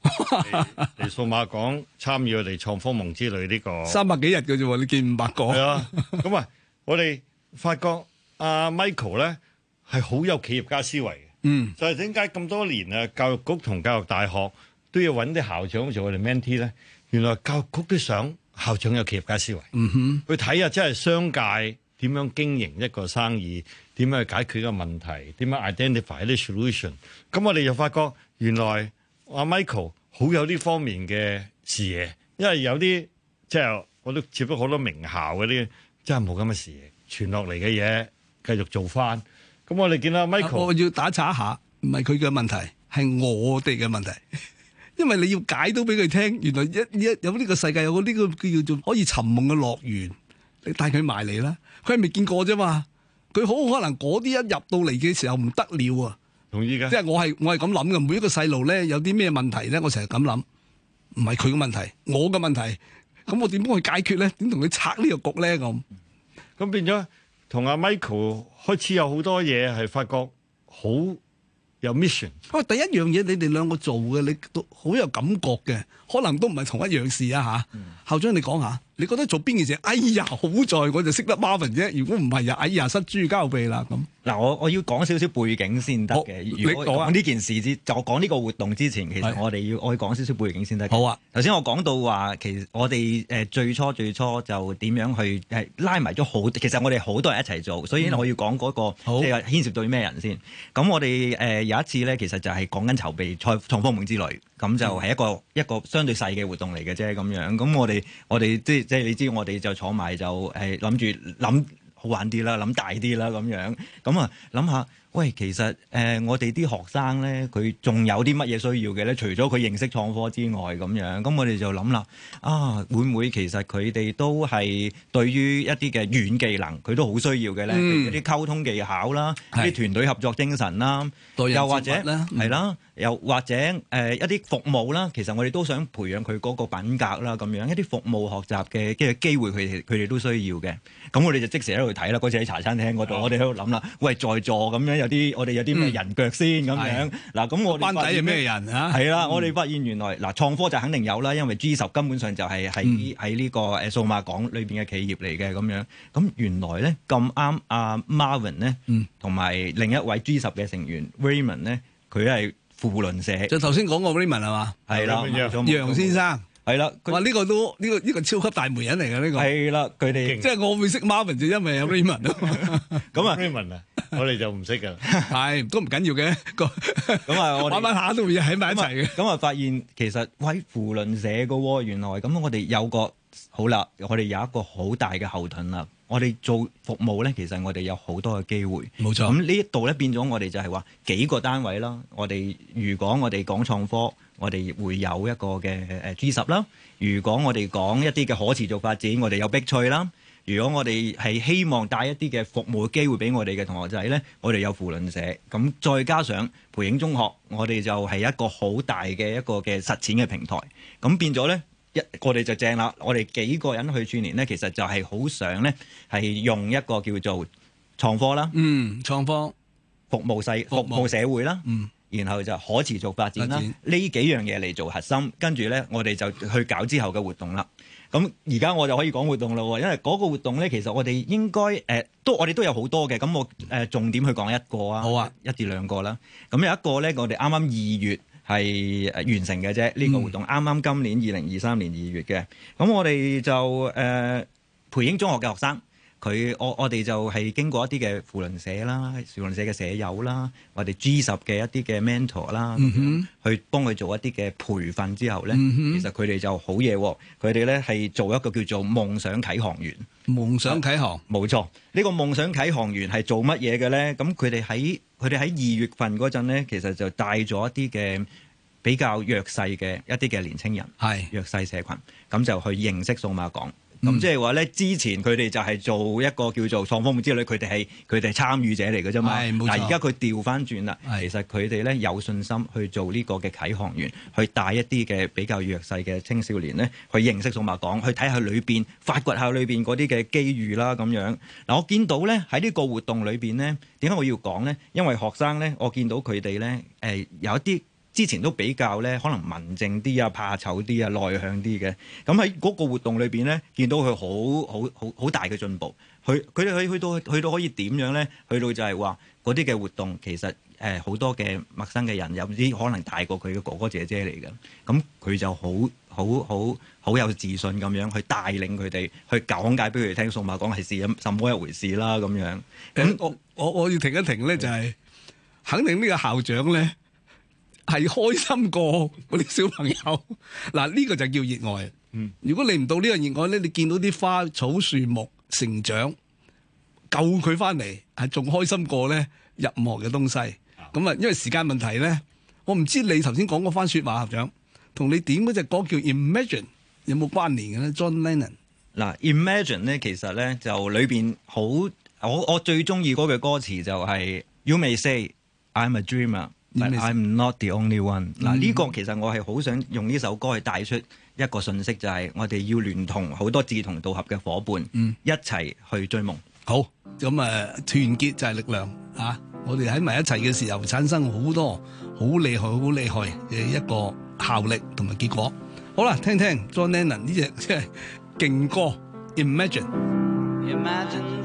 嚟 數碼港參與我哋創科夢之類呢個三百幾日嘅啫喎，你見五百個係 啊？咁啊，我哋發覺阿 Michael 咧係好有企業家思維嘅。嗯，就係點解咁多年啊？教育局同教育大學都要揾啲校長做我哋 mentee 咧。原來教育局都想校長有企業家思維，嗯、哼去睇下即係商界點樣經營一個生意，點樣去解決個問題，點樣 identify 啲 solution。咁我哋就發覺原來阿 Michael 好有呢方面嘅視野，因為有啲即係我都接咗好多名校嗰啲，真係冇咁嘅視野傳落嚟嘅嘢，繼續做翻。咁我哋見到 Michael，我要打岔一下，唔係佢嘅問題，係我哋嘅問題。因為你要解到俾佢聽，原來一一有呢個世界有呢個叫叫做可以尋夢嘅樂園，你帶佢埋嚟啦。佢係未見過啫嘛，佢好可能嗰啲一入到嚟嘅時候唔得了啊！同意噶，即係我係我係咁諗嘅。每一個細路咧，有啲咩問題咧，我成日咁諗，唔係佢嘅問題，我嘅問題。咁我點幫佢解決咧？點同佢拆呢個局咧？咁咁變咗。同阿 Michael 開始有好多嘢係發覺好有 mission。喂、啊，第一樣嘢你哋兩個做嘅，你都好有感覺嘅，可能都唔係同一樣事啊吓，嗯、校長你講下。你覺得做邊件事？哎呀，好在我就識得 Marvin 啫。如果唔係啊，哎呀，失豬交臂啦咁。嗱，我我要講少少背景先得嘅。你講啊？呢件事之，就講呢個活動之前，其實我哋要是我要講少少背景先得。好啊。頭先我講到話，其實我哋誒最初最初就點樣去係拉埋咗好，其實我哋好多人一齊做，所以我要講嗰、嗰個即係牽涉到啲咩人先。咁我哋誒有一次咧，其實就係講緊籌備創創方夢之類，咁就係一個、嗯、一個一個相對細嘅活動嚟嘅啫，咁樣。咁我哋我哋即係。即係你知，我哋就坐埋就誒，諗住諗好玩啲啦，諗大啲啦，咁樣咁啊，諗下。喂，其實誒，我哋啲學生咧，佢仲有啲乜嘢需要嘅咧？除咗佢認識創科之外，咁樣，咁我哋就諗啦，啊，會唔會其實佢哋都係對於一啲嘅軟技能，佢都好需要嘅咧？嗯。一啲溝通技巧啦，啲團隊合作精神啦，又或者，係啦，又或者誒一啲服務啦，其實我哋都想培養佢嗰個品格啦，咁樣一啲服務學習嘅機會，佢哋佢哋都需要嘅。咁我哋就即時喺度睇啦，嗰次喺茶餐廳嗰度，我哋喺度諗啦，喂，在座咁樣。有啲我哋有啲咩人腳先咁樣嗱？咁我班底係咩人啊？係啦，我哋發現原來嗱，創科就肯定有啦，因為 G 十根本上就係喺喺呢個誒數碼港裏邊嘅企業嚟嘅咁樣。咁原來咧咁啱，阿 Marvin 咧，同埋另一位 G 十嘅成員 Raymond 咧，佢係扶輪社。就頭先講過 Raymond 係嘛？係啦，楊先生係啦。哇！呢個都呢個呢個超級大媒人嚟㗎呢個。係啦，佢哋即係我會識 Marvin 就因為有 Raymond 啊。咁啊，Raymond 啊。我哋就唔識㗎，係都唔緊要嘅。咁啊，我玩玩下都會喺埋一齊嘅。咁啊，發現其實喺扶輪社個喎，原來咁我哋有個好啦，我哋有一個好大嘅後盾啦。我哋做服務咧，其實我哋有好多嘅機會。冇錯。咁呢一度咧，變咗我哋就係話幾個單位啦。我哋如果我哋講創科，我哋會有一個嘅誒支持啦。如果我哋講一啲嘅可持續發展，我哋有碧翠啦。如果我哋係希望帶一啲嘅服務機會俾我哋嘅同學仔呢、就係、我哋有扶輪社，咁再加上培英中學，我哋就係一個好大嘅一個嘅實踐嘅平台。咁變咗呢，一我哋就正啦。我哋幾個人去串聯呢，其實就係好想呢，係用一個叫做創科啦，嗯，創科服務世服務社會啦，嗯務，然後就可持續發展啦，呢展幾樣嘢嚟做核心，跟住呢，我哋就去搞之後嘅活動啦。咁而家我就可以講活動啦喎，因為嗰個活動咧，其實我哋應該誒、呃、都我哋都有好多嘅，咁我誒、呃、重點去講一個啊，好啊，一至兩個啦。咁有一個咧，我哋啱啱二月係完成嘅啫，呢、呢個活動啱啱、嗯、今年二零二三年二月嘅，咁我哋就誒、呃、培英中學嘅學生。佢我我哋就係經過一啲嘅扶輪社啦，扶輪社嘅社友啦，我哋 G 十嘅一啲嘅 mentor 啦，嗯、哼去幫佢做一啲嘅培訓之後咧，嗯、哼其實佢哋就好嘢喎。佢哋咧係做一個叫做夢想啟航員。夢想啟航，啊、冇錯。呢、這個夢想啟航員係做乜嘢嘅咧？咁佢哋喺佢哋喺二月份嗰陣咧，其實就帶咗一啲嘅比較弱勢嘅一啲嘅年青人，係是弱勢社群，咁就去認識數碼港。咁、嗯、即係話咧，之前佢哋就係做一個叫做創科之旅，佢哋係佢哋係參與者嚟嘅啫嘛。但而家佢調翻轉啦，是其實佢哋咧有信心去做呢個嘅啟航員，去帶一啲嘅比較弱勢嘅青少年咧，去認識數碼港，去睇下裏邊，發掘下裏邊嗰啲嘅機遇啦咁樣。嗱，我見到咧喺呢個活動裏邊咧，點解我要講咧？因為學生咧，我見到佢哋咧，誒有一啲。之前都比較咧，可能文靜啲啊，怕醜啲啊，內向啲嘅。咁喺嗰個活動裏邊咧，見到佢好好好好大嘅進步。佢佢哋去去到去到可以點樣咧？去到就係話嗰啲嘅活動，其實誒好、呃、多嘅陌生嘅人，有啲可能大過佢嘅哥哥姐姐嚟嘅。咁佢就好好好好有自信咁樣去帶領佢哋去講解俾佢哋聽，數碼講係是咁什麼一回事啦咁樣。嗯嗯、我我我要停一停咧，就係、是、肯定呢個校長咧。係開心過嗰啲小朋友，嗱 呢個就叫熱愛。嗯，如果你唔到呢個熱愛咧，你見到啲花草樹木成長，救佢翻嚟係仲開心過咧入幕嘅東西。咁啊，因為時間問題咧，我唔知你頭先講嗰番說話，校長同你點嗰隻歌叫 Imagine 有冇關聯嘅咧？John Lennon 嗱，Imagine 咧其實咧就裏邊好，我我最中意嗰句歌詞就係 You may say I'm a dreamer。I'm not the only one，mm。嗱，呢個其實我係好想用呢首歌去帶出一個信息，就係、是、我哋要聯同好多志同道合嘅伙伴，嗯，一齊去追夢。Mm hmm. 好，咁誒團結就係力量啊！我哋喺埋一齊嘅時候，產生好多好厲害、好厲害嘅一個效力同埋結果。好啦，聽聽 John Lennon an 呢隻即係勁歌《Imagine》。Imagine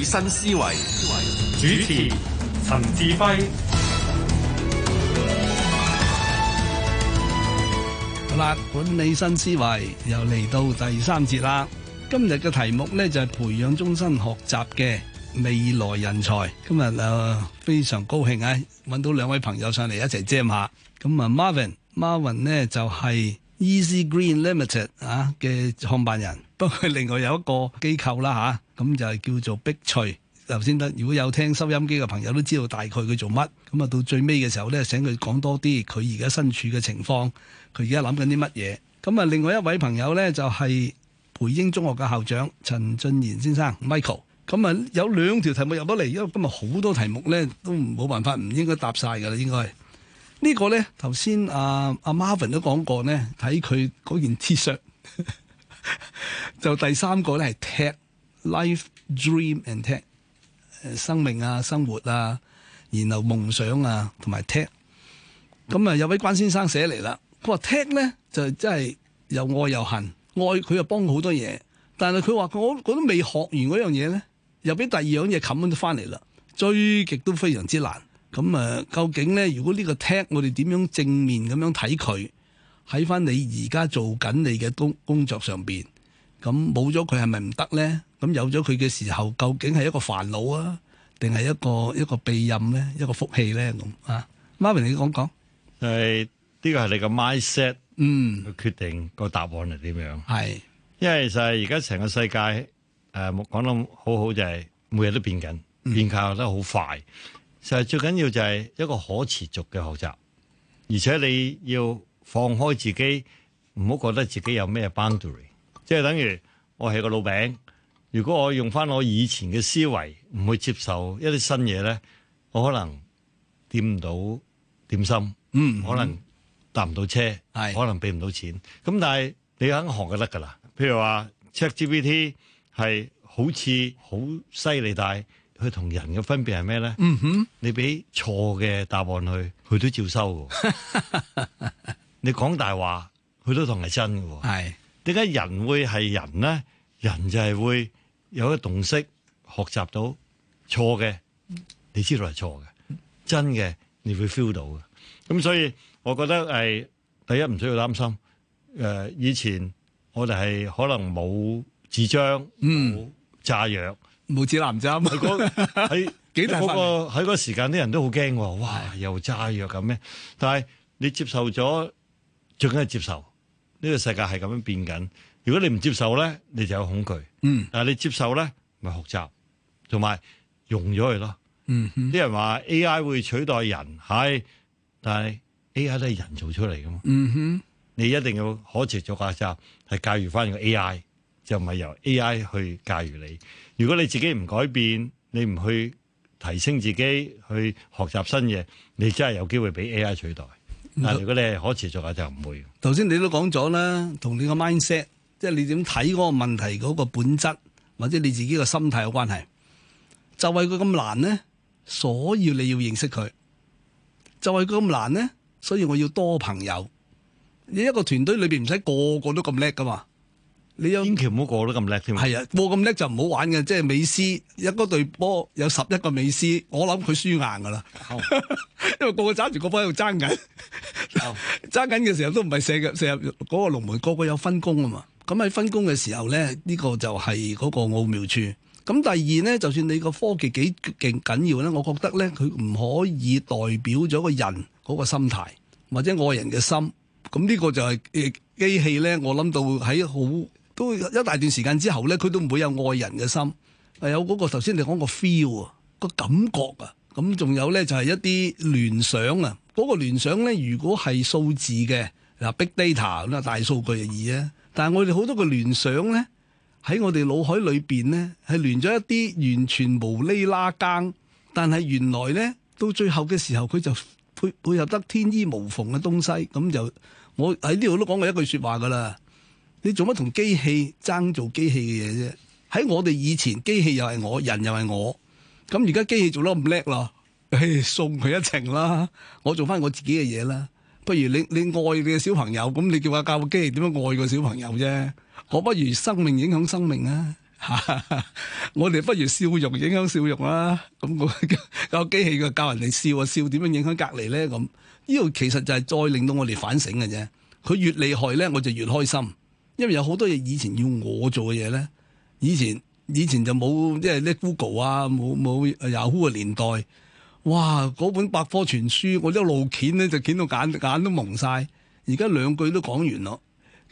以新思維主持陳志輝，好啦，管理新思維又嚟到第三節啦。今日嘅題目呢，就係、是、培養終身學習嘅未來人才。今日誒、呃、非常高興啊，揾到兩位朋友上嚟一齊遮下。咁啊。Marvin，Marvin 呢 Marvin 就係、是。Easy Green Limited 啊嘅創辦人，不過另外有一個機構啦嚇，咁就係叫做碧翠。頭先得如果有聽收音機嘅朋友都知道大概佢做乜，咁啊到最尾嘅時候咧，請佢講多啲佢而家身處嘅情況，佢而家諗緊啲乜嘢。咁啊另外一位朋友咧就係培英中學嘅校長陳俊賢先生 Michael。咁啊有兩條題目入到嚟，因為今日好多題目咧都冇辦法，唔應該答晒㗎啦，應該。呢個咧，頭先阿阿 Marvin 都講過咧，睇佢嗰件 T-shirt 就第三個咧係 Tech，Life Dream and Tech，誒生命啊、生活啊，然後夢想啊，同埋 Tech。咁啊，有位關先生寫嚟啦，佢話 Tech 咧就真係又愛又恨，愛佢又幫好多嘢，但係佢話我我都未學完嗰樣嘢咧，又俾第二樣嘢冚翻嚟啦，追極都非常之難。咁啊，究竟咧？如果呢個 tech，我哋點樣正面咁樣睇佢？喺返你而家做緊你嘅工工作上邊，咁冇咗佢係咪唔得咧？咁有咗佢嘅時候，究竟係一個煩惱啊，定係一個一個庇蔭咧，一個福氣咧？咁啊，Martin 你講講，係呢個係你個 mindset，嗯，決定個答案係點樣？係，因為就係而家成個世界誒，講得好好就係每日都變緊，變求得好快。就係最緊要就係一個可持續嘅學習，而且你要放開自己，唔好覺得自己有咩 boundary。即係等於我係個老餅，如果我用翻我以前嘅思維，唔去接受一啲新嘢咧，我可能點唔到點心，嗯，可能搭唔到車，係，可能俾唔到錢。咁但係你肯學就得㗎啦。譬如話，ChatGPT 係好似好犀利，但，佢同人嘅分別係咩咧？嗯哼，你俾錯嘅答案佢，佢都照收。你講大話，佢都同係真嘅。係點解人會係人咧？人就係會有一個洞識，學習到錯嘅，你知道係錯嘅，真嘅，你會 feel 到嘅。咁所以，我覺得係第一唔需要擔心。誒，以前我哋係可能冇紙張，冇炸藥。無止難揸，係嗰係嗰個喺嗰個時間啲人都好驚，哇！又炸藥咁咩？但係你接受咗，最緊係接受呢個世界係咁樣變緊。如果你唔接受咧，你就有恐懼。嗯，但係你接受咧，咪學習同埋用咗佢咯。嗯哼，啲人話 A I 會取代人，係，但係 A I 都係人做出嚟噶嘛。嗯哼，你一定要可持續學習，係駕馭翻個 A I，就唔係由 A I 去駕馭你。如果你自己唔改變，你唔去提升自己，去學習新嘢，你真係有機會俾 AI 取代。但如果你係可持續嘅，就唔會。頭先你都講咗啦，同你個 mindset，即係你點睇嗰個問題嗰個本質，或者你自己個心態有關係，就係佢咁難咧，所以你要認識佢；就係佢咁難咧，所以我要多朋友。你一個團隊裏邊唔使個個都咁叻噶嘛。你英唔好過都咁叻添，係啊，冇咁叻就唔好玩嘅。即係美斯，一嗰隊波有十一個美斯，我諗佢輸硬噶啦，oh. 因為個個揸住個波喺度爭緊，oh. 爭緊嘅時候都唔係射入，射入嗰個龍門，個個有分工啊嘛。咁喺分工嘅時候咧，呢、呢個就係嗰個奧妙處。咁第二咧，就算你個科技幾勁緊要咧，我覺得咧，佢唔可以代表咗個人嗰個心態或者個人嘅心。咁呢個就係機器咧，我諗到喺好。都一大段時間之後咧，佢都唔會有愛人嘅心，係有嗰個頭先你講個 feel 啊，嗰個感啊嗰個感覺啊。咁仲有咧就係、係、一啲聯想啊，嗰、嗰個聯想咧，如果係數字嘅嗱 big data 咁啊大數據嘅意啊，但係我哋好多個聯想咧喺我哋腦海裏邊咧係聯咗一啲完全無厘啦更，但係原來咧到最後嘅時候佢就配配合得天衣無縫嘅東西，咁就我喺呢度都講過一句説話㗎啦。你做乜同機器爭做機器嘅嘢啫？喺我哋以前，機器又係我，人又係我。咁而家機器做得咁叻咯，送佢一程啦。我做翻我自己嘅嘢啦。不如你你愛你嘅小朋友，咁你叫下教機器點樣愛個小朋友啫？我不如生命影響生命啊！ 我哋不如笑容影響笑容啦。咁我教機器嘅教人哋笑啊，笑點樣影響隔籬咧？咁呢度其實就係再令到我哋反省嘅啫。佢越厲害咧，我就越開心。因為有好多嘢以前要我做嘅嘢咧，以前以前就冇即係咧 Google 啊，冇冇 Yahoo 嘅年代，哇！嗰本百科全書，我一路揀咧就揀到眼眼都矇晒。而家兩句都講完咯。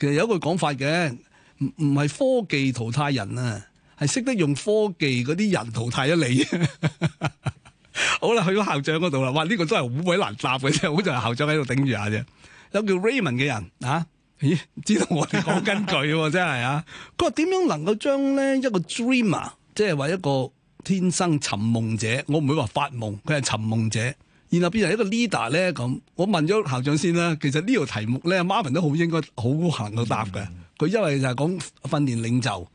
其實有一句講法嘅，唔唔係科技淘汰人啊，係識得用科技嗰啲人淘汰咗你。 好啦，去到校長嗰度啦，哇！呢個真係 好鬼難答嘅啫，好似係校長喺度頂住下啫。有叫 Raymond 嘅人啊。咦，知道我哋講根據喎，真係啊！佢話點樣能夠將咧一個 dreamer，即係話一個天生尋夢者，我唔會話發夢，佢係尋夢者，然後變成一個 leader 咧咁。我問咗校長先啦，其實呢條題目咧 Marvin 都好應該好難答嘅。佢、嗯、因為就係講訓練領袖，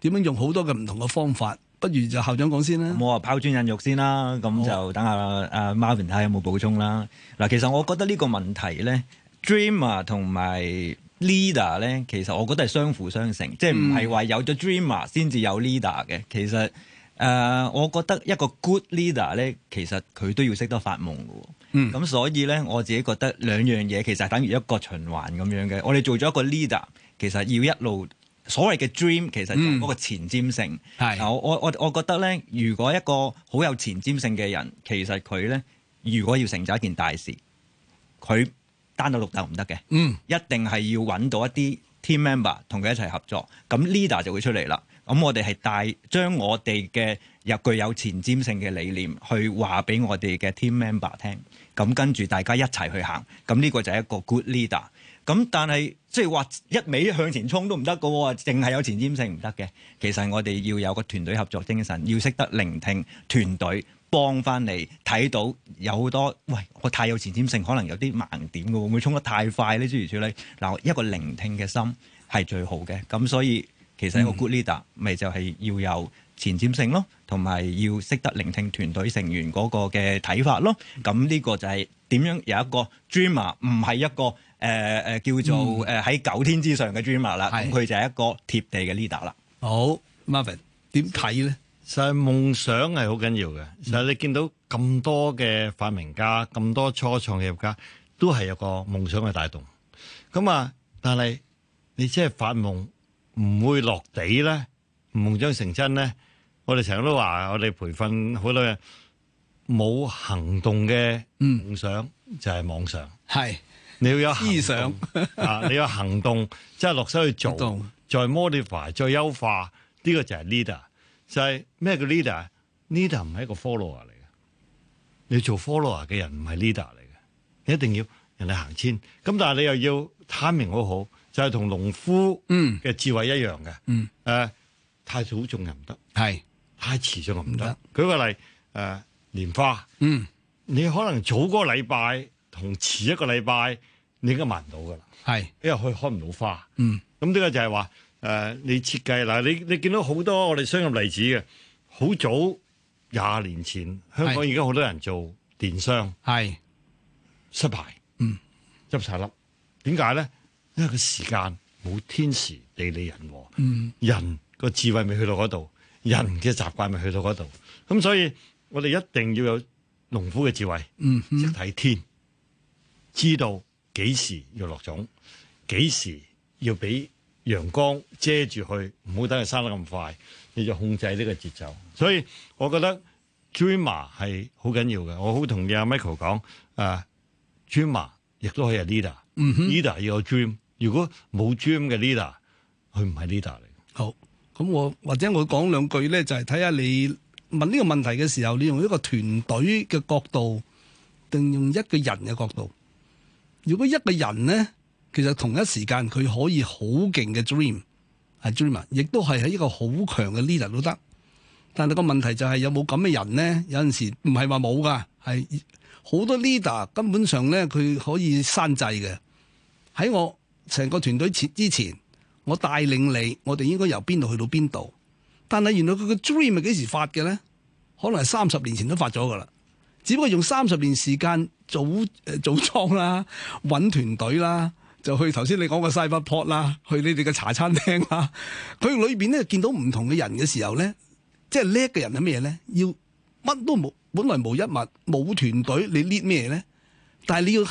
點樣用好多嘅，唔同嘅方法。不如就校長講先啦。冇話拋磚引玉先啦，咁就等下阿 Marvin 睇下有冇補充啦。嗱，其實我覺得呢個問題咧，dreamer 同埋。leader 咧，其實我覺得係相輔相成，嗯、即係唔係話有咗 dreamer 先至有 leader 嘅。其實誒、呃，我覺得一個 good leader 咧，其實佢都要識得發夢嘅。嗯，咁所以咧，我自己覺得兩樣嘢其實等於一個循環咁樣嘅。我哋做咗一個 leader，其實要一路所謂嘅 dream，其實嗰個前瞻性。係、嗯，我我我覺得咧，如果一個好有前瞻性嘅人，其實佢咧，如果要成就一件大事，佢，單打獨鬥唔得嘅，嗯、一定係要揾到一啲 team member 同佢一齊合作，咁 leader 就會出嚟啦。咁我哋係帶將我哋嘅有具有前瞻性嘅理念去話俾我哋嘅 team member 聽，咁跟住大家一齊去行。咁呢個就係一個 good leader。咁但係即係話一味向前衝都唔得嘅，淨係有前瞻性唔得嘅。其實我哋要有個團隊合作精神，要識得聆聽團隊。幫翻嚟睇到有好多，喂，我太有前瞻性，可能有啲盲點嘅，會唔會衝得太快呢？諸如此類嗱，一個聆聽嘅心係最好嘅，咁所以其實一個 good leader 咪、嗯、就係要有前瞻性咯，同埋要識得聆聽團隊成員嗰個嘅睇法咯。咁呢個就係點樣有一個 dreamer，唔係一個誒誒、呃、叫做誒喺九天之上嘅 dreamer 啦、嗯，咁佢就係一個貼地嘅 leader 啦。好，Marvin 點睇咧？實係夢想係好緊要嘅。其實你見到咁多嘅發明家，咁多初創業家，都係有個夢想嘅帶動。咁啊，但係你即係發夢唔會落地咧，夢想成真咧。我哋成日都話，我哋培訓好多人冇行動嘅夢想就係妄想。係你要有思想啊，你要行動，即係落手去做，再 modify，再優化，呢個就係 leader。就係咩叫 leader？leader 唔係一個 follower 嚟嘅。你做 follower 嘅人唔係 leader 嚟嘅。你一定要人哋行先。咁但係你又要 timing 好好，就係同農夫嘅智慧一樣嘅。嗯，誒、呃，太早種又唔得，係是太遲種又唔得。行舉個例，誒、呃，蓮花，嗯，你可能早個禮拜同遲一個禮拜，你應該聞到噶啦，係是，因為佢開唔到花，嗯，咁呢個就係話。誒、uh，你設計嗱，你你見到好多我哋商業例子嘅。好早廿年前，香港而家好多人做電商，係是失敗，嗯，執晒笠，點解咧？因為個時間冇天時地利、利人和，嗯，人個智慧未去到嗰度，人嘅習慣未去到嗰度，咁所以我哋一定要有農夫嘅智慧，嗯，識、嗯、睇天，知道幾時要落種，幾時要俾。陽光遮住佢，唔好等佢生得咁快，你就控制呢個節奏。所以我覺得 dreamer 係好緊要嘅。我好同意阿 Michael 講，誒、啊、dreamer 亦都可以係 leader，leader，嗯哼，要有 dream。如果冇 dream 嘅 leader，佢唔係 leader 嚟。好，咁我或者我講兩句咧，就係睇下你問呢個問題嘅時候，你用一個團隊嘅角度，定用一個人嘅角度？如果一個人咧？其實同一時間佢可以好勁嘅 dream 係 dreamer，亦都係喺一個好強嘅 leader 都得。但係個問題就係有冇咁嘅人咧？有陣時唔係話冇㗎，係好多 leader 根本上咧，佢可以山制嘅。喺我成個團隊前之前，我帶領你，我哋應該由邊度去到邊度？但係原來佢嘅 dream 係幾時發嘅咧？可能係三十年前都發咗㗎啦。只不過用三十年時間組誒組裝啦，揾團隊啦。就去頭先你講個 Cyberport 啦，去你哋嘅茶餐廳啦。佢裏邊咧見到唔同嘅人嘅時候咧，即係叻嘅人係咩咧？要乜都冇，本來無一物，冇團隊你 lead 咩咧？但係你要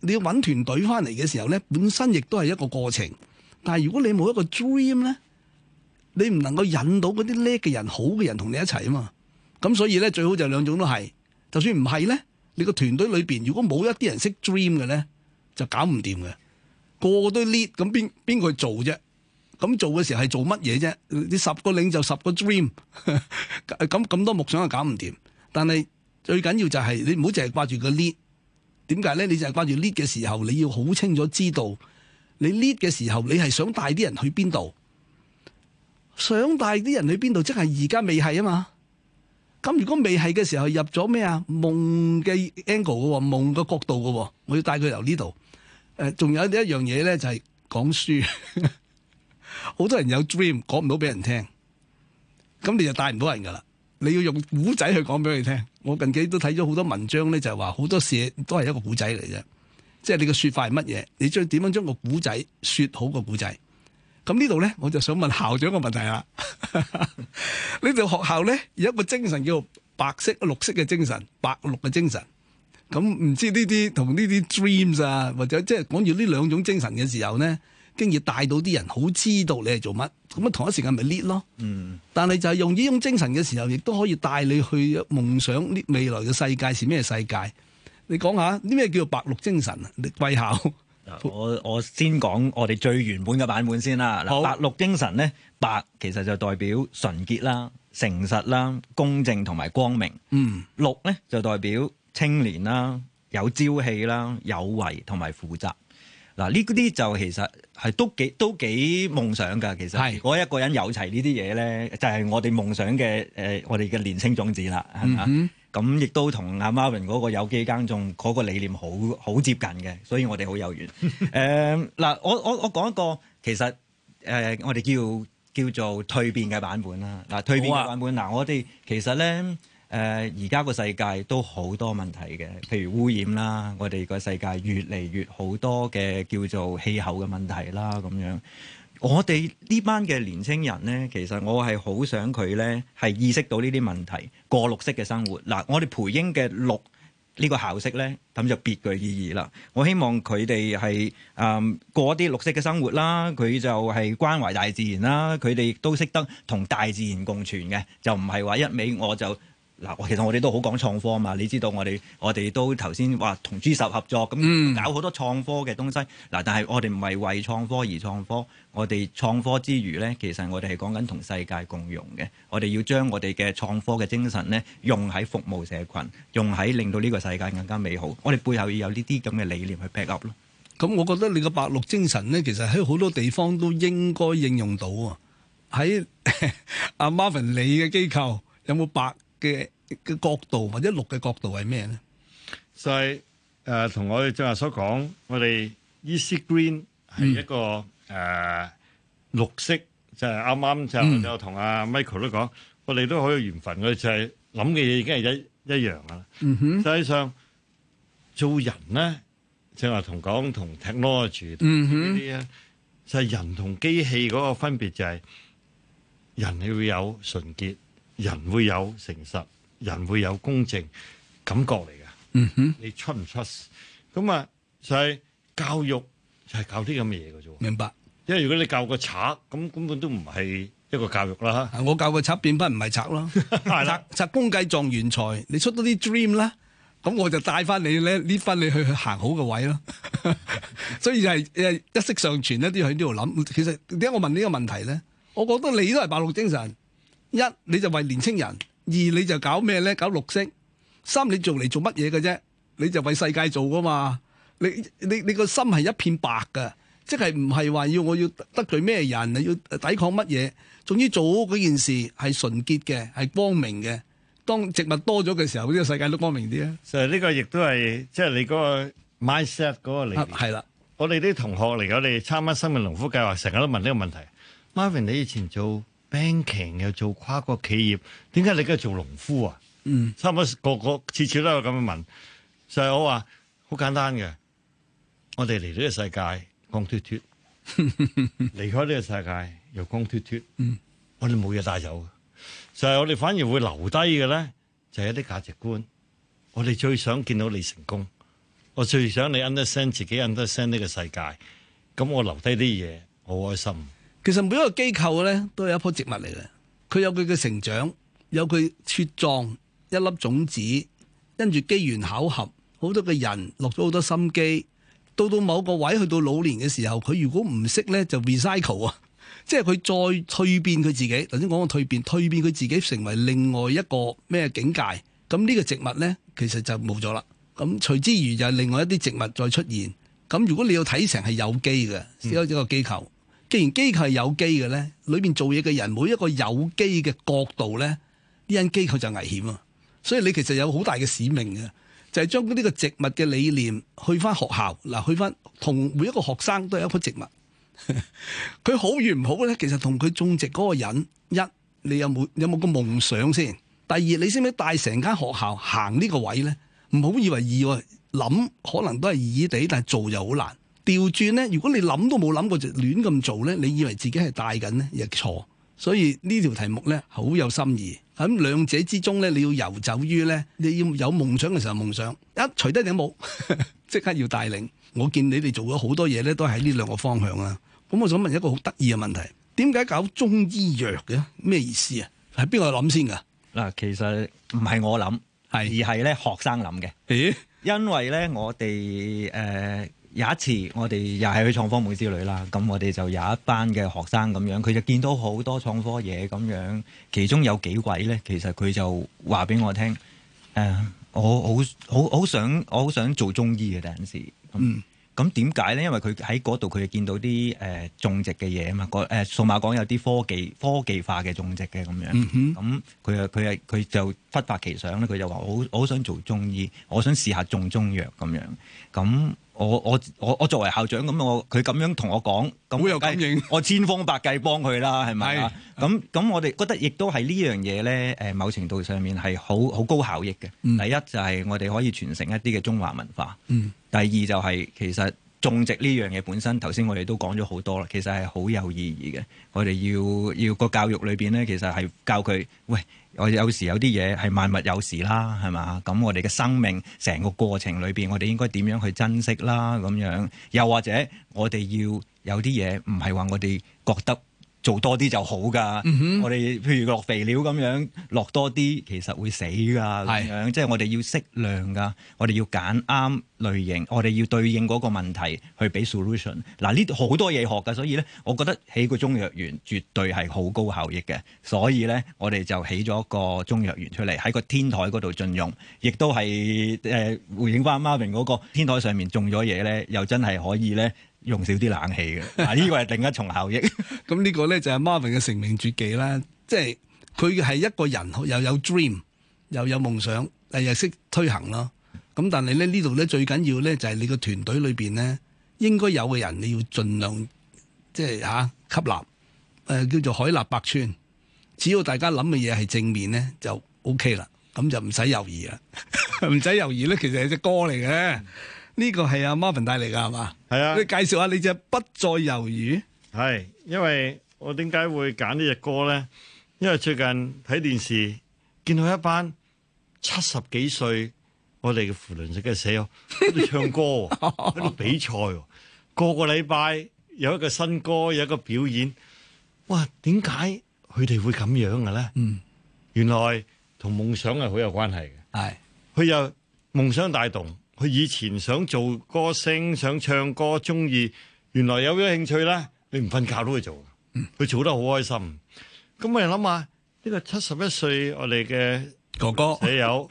你要搵團隊翻嚟嘅時候咧，本身亦都係一個過程。但係如果你冇一個 dream 咧，你唔能夠引到嗰啲叻嘅人、好嘅人同你一齊啊嘛。咁所以咧，最好就兩種都係。就算唔係咧，你個團隊裏邊如果冇一啲人識 dream 嘅咧，就搞唔掂嘅。個個都 lead，咁邊邊個去做啫？咁做嘅時候係做乜嘢啫？你十個領就十個 dream，咁咁多目標，又搞唔掂。但係最緊要就係你唔好淨係掛住個 lead。點解咧？你淨係掛住 lead 嘅時候，你要好清楚知道你 lead 嘅時候，你係想帶啲人去邊度？想帶啲人去邊度？即係而家未係啊嘛。咁如果未係嘅時候入咗咩啊？夢嘅 angle 嘅，夢嘅角度嘅，我要帶佢由呢度。誒，仲、呃、有一樣嘢咧，就係、是、講書，好多人有 dream 講唔到俾人聽，咁你就帶唔到人噶啦。你要用古仔去講俾佢聽。我近期都睇咗好多文章咧，就係話好多事都係一個古仔嚟啫。即係你嘅說法係乜嘢？你將點樣將個古仔說好個古仔？咁呢度咧，我就想問校長個問題啦。呢度學校咧有一個精神叫做白色綠色嘅精神，白綠嘅精神。咁唔知呢啲同呢啲 dreams 啊，或者即係講住呢兩種精神嘅時候咧，竟然帶到啲人好知道你係做乜咁啊。同一時間咪 lead 咯，嗯，但係就係用呢種精神嘅時候，亦都可以帶你去夢想呢未來嘅世界是咩世界？你講下啲咩叫做白綠精神？貴校，我先講我先講我哋最原本嘅版本先啦。好白綠精神咧，白其實就代表純潔啦、誠實啦、公正同埋光明，嗯，綠咧就代表。青年啦，有朝氣啦，有為同埋負責，嗱，呢啲就其實係都幾都幾夢想噶。其實我一個人有齊呢啲嘢咧，就係、是、我哋夢想嘅誒、呃，我哋嘅年青種子啦，係咪啊？咁亦都同阿 Marvin 嗰個有機耕種嗰個理念好好接近嘅，所以我哋好有緣。誒、呃、嗱，我我我講一個其實誒、呃、我哋叫叫做蛻變嘅版本啦。嗱，蛻變嘅版本嗱，我哋、啊、其實咧。誒而家個世界都好多問題嘅，譬如污染啦，我哋個世界越嚟越好多嘅叫做氣候嘅問題啦咁樣。我哋呢班嘅年青人咧，其實我係好想佢咧係意識到呢啲問題，過綠色嘅生活。嗱，我哋培英嘅綠呢、呢個校色咧，咁就別具意義啦。我希望佢哋係誒過啲綠色嘅生活啦，佢就係關懷大自然啦，佢哋亦都識得同大自然共存嘅，就唔係話一味我就。嗱，其實我哋都好講創科嘛，你知道我哋我哋都頭先話同豬十合作，咁搞好多創科嘅東西。嗱，但係我哋唔係為創科而創科，我哋創科之餘咧，其實我哋係講緊同世界共融嘅。我哋要將我哋嘅創科嘅精神咧，用喺服務社群，用喺令到呢個世界更加美好。我哋背後要有呢啲咁嘅理念去 back up 咯。咁、嗯、我覺得你嘅白綠精神咧，其實喺好多地方都應該應用到 啊。喺阿 Marvin 你嘅機構有冇白嘅？嘅角度或者綠嘅角度係咩咧？就係誒同我哋正話所講，我哋 Easy Green 係一個誒綠色，就係啱啱就就同阿 Michael 都講，我哋都好有緣分嘅，就係諗嘅嘢已經係一一樣㗎啦。嗯哼，實際上做人咧，正話同講同 technology 呢啲咧，就係人同機器嗰個分別就係人會有純潔，人會有誠實。人會有公正感覺嚟㗎，你出唔出？咁啊，就係教育就係教啲咁嘅嘢㗎啫。明白，因為如果你教個賊，咁根本都唔係一個教育啦。我教個賊變返唔係賊咯。係啦，賊公計狀元才，你出到啲 dream 啦，咁我就帶返你咧呢返你去去行好嘅位咯。所以就係一息尚存咧，都要喺呢度諗。其實點解我問呢個問題咧？我覺得你都係白鹿精神，一你就為年青人。二你就搞咩咧？搞綠色。三你做嚟做乜嘢嘅啫？你就為世界做噶嘛？你你你個心係一片白嘅，即係唔係話要我要得罪咩人，你要抵抗乜嘢？總之做嗰件事係純潔嘅，係光明嘅。當植物多咗嘅時候，呢、這個世界都光明啲、就是、啊！就係呢個亦都係即係你嗰個 mindset 嗰個嚟。係啦，我哋啲同學嚟，我哋參加生命農夫計劃，成日都問呢個問題。Marvin 你以前做？Banking 又做跨國企業，點解你而家做農夫啊？嗯，差唔多每個個次次都係咁樣問。就係、是、我話好簡單嘅，我哋嚟呢個世界光脫脫，吐吐 離開呢個世界又光脫脫。嗯、我哋冇嘢帶走嘅，就係、是、我哋反而會留低嘅咧，就係一啲價值觀。我哋最想見到你成功，我最想你 understand 自己 understand 呢個世界。咁我留低啲嘢，好開心。其實每一個機構咧都係一棵植物嚟嘅，佢有佢嘅成長，有佢茁壯。一粒種子，因住機緣巧合，好多嘅人落咗好多心機，到到某個位，去到老年嘅時候，佢如果唔識咧就 recycle 啊， 即係佢再蛻變佢自己。頭先講過蛻變，蛻變佢自己成為另外一個咩境界，咁呢個植物咧其實就冇咗啦。咁隨之而就係另外一啲植物再出現。咁如果你要睇成係有機嘅，只有一個機構。既然機構係有機嘅咧，裏邊做嘢嘅人，每一個有機嘅角度咧，呢間機構就危險啊！所以你其實有好大嘅使命嘅，就係將呢個植物嘅理念去翻學校嗱，去翻同每一個學生都係一棵植物。佢 好與唔好咧，其實同佢種植嗰個人一，你有冇有冇個夢想先？第二，你識唔識帶成間學校行呢個位咧？唔好以為易喎，諗可能都係易啲，但係做就好難。調轉咧，如果你諗都冇諗過就亂咁做咧，你以為自己係帶緊咧亦錯，所以呢條題目咧好有心意。咁兩者之中咧，你要游走於咧，你要有夢想嘅時候夢想，一除低頂帽即刻要帶領。我見你哋做咗好多嘢咧，都喺呢兩個方向啊。咁我想問一個好得意嘅問題：點解搞中醫藥嘅？咩意思啊？喺邊個諗先噶？嗱，其實唔係我諗，係是而係咧學生諗嘅。咦、欸？因為咧，我哋誒。有一次我哋又係去創科母之旅啦，咁我哋就有一班嘅學生咁樣，佢就見到好多創科嘢咁樣，其中有幾位咧，其實佢就話俾我聽，誒、呃，我好好好想，我好想做中醫嘅嗰陣時。嗯。咁點解咧？因為佢喺嗰度佢就見到啲誒、呃、種植嘅嘢啊嘛，誒、呃、數碼港有啲科技科技化嘅種植嘅咁樣。嗯哼。咁佢啊佢啊佢就忽發奇想咧，佢就話我好我好想做中醫，我想試下種中藥咁樣。咁我我我我作為校長咁，我佢咁樣同我講，咁我，好有感應 我千方百計幫佢啦，係咪？咁咁我哋覺得亦都係呢樣嘢咧，誒某程度上面係好好高效益嘅。嗯、第一就係我哋可以傳承一啲嘅中華文化。嗯、第二就係其實。種植呢樣嘢本身，頭先我哋都講咗好多啦，其實係好有意義嘅。我哋要要個教育裏邊咧，其實係教佢，喂，我有時有啲嘢係萬物有時啦，係嘛？咁我哋嘅生命成個過程裏邊，我哋應該點樣去珍惜啦？咁樣又或者我哋要有啲嘢唔係話我哋覺得。做多啲就好噶，嗯、哼我哋譬如落肥料咁樣落多啲，其實會死噶，咁是樣即係我哋要適量噶，我哋要揀啱類型，我哋要對應嗰個問題去俾 solution。嗱、啊，呢度好多嘢學噶，所以咧，我覺得起個中藥園絕對係好高效益嘅，所以咧，我哋就起咗個中藥園出嚟喺個天台嗰度進用，亦都係誒、呃、回應翻 Martin 嗰個天台上面種咗嘢咧，又真係可以咧。用少啲冷氣嘅，呢個係另一重效益。咁呢 個咧就係 Marvin 嘅成名絕技啦，即係佢係一個人又有 dream 又有夢想，誒又識推行咯。咁但係咧呢度咧最緊要咧就係你個團隊裏邊咧應該有嘅人你要盡量即係嚇吸納，誒、呃、叫做海納百川。只要大家諗嘅嘢係正面咧就 OK 啦，咁就唔使猶豫啦，唔 使猶豫咧其實係隻歌嚟嘅。嗯。呢個係阿 Marvin 帶嚟噶係嘛？係啊，你介紹下你只不再猶豫。係，因為我點解會揀呢隻歌咧？因為最近睇電視見到一班七十幾歲我哋嘅扶輪社嘅社員喺度唱歌，喺度比賽，個個禮拜有一個新歌有一個表演。哇，點解佢哋會咁樣嘅咧？嗯，原來同夢想係好有關係嘅。係，佢有夢想帶動。佢以前想做歌星，想唱歌，鍾意原來有咗興趣咧，你唔瞓覺都去做，佢做得好開心。咁我哋諗下呢個七十一歲我哋嘅哥哥舍友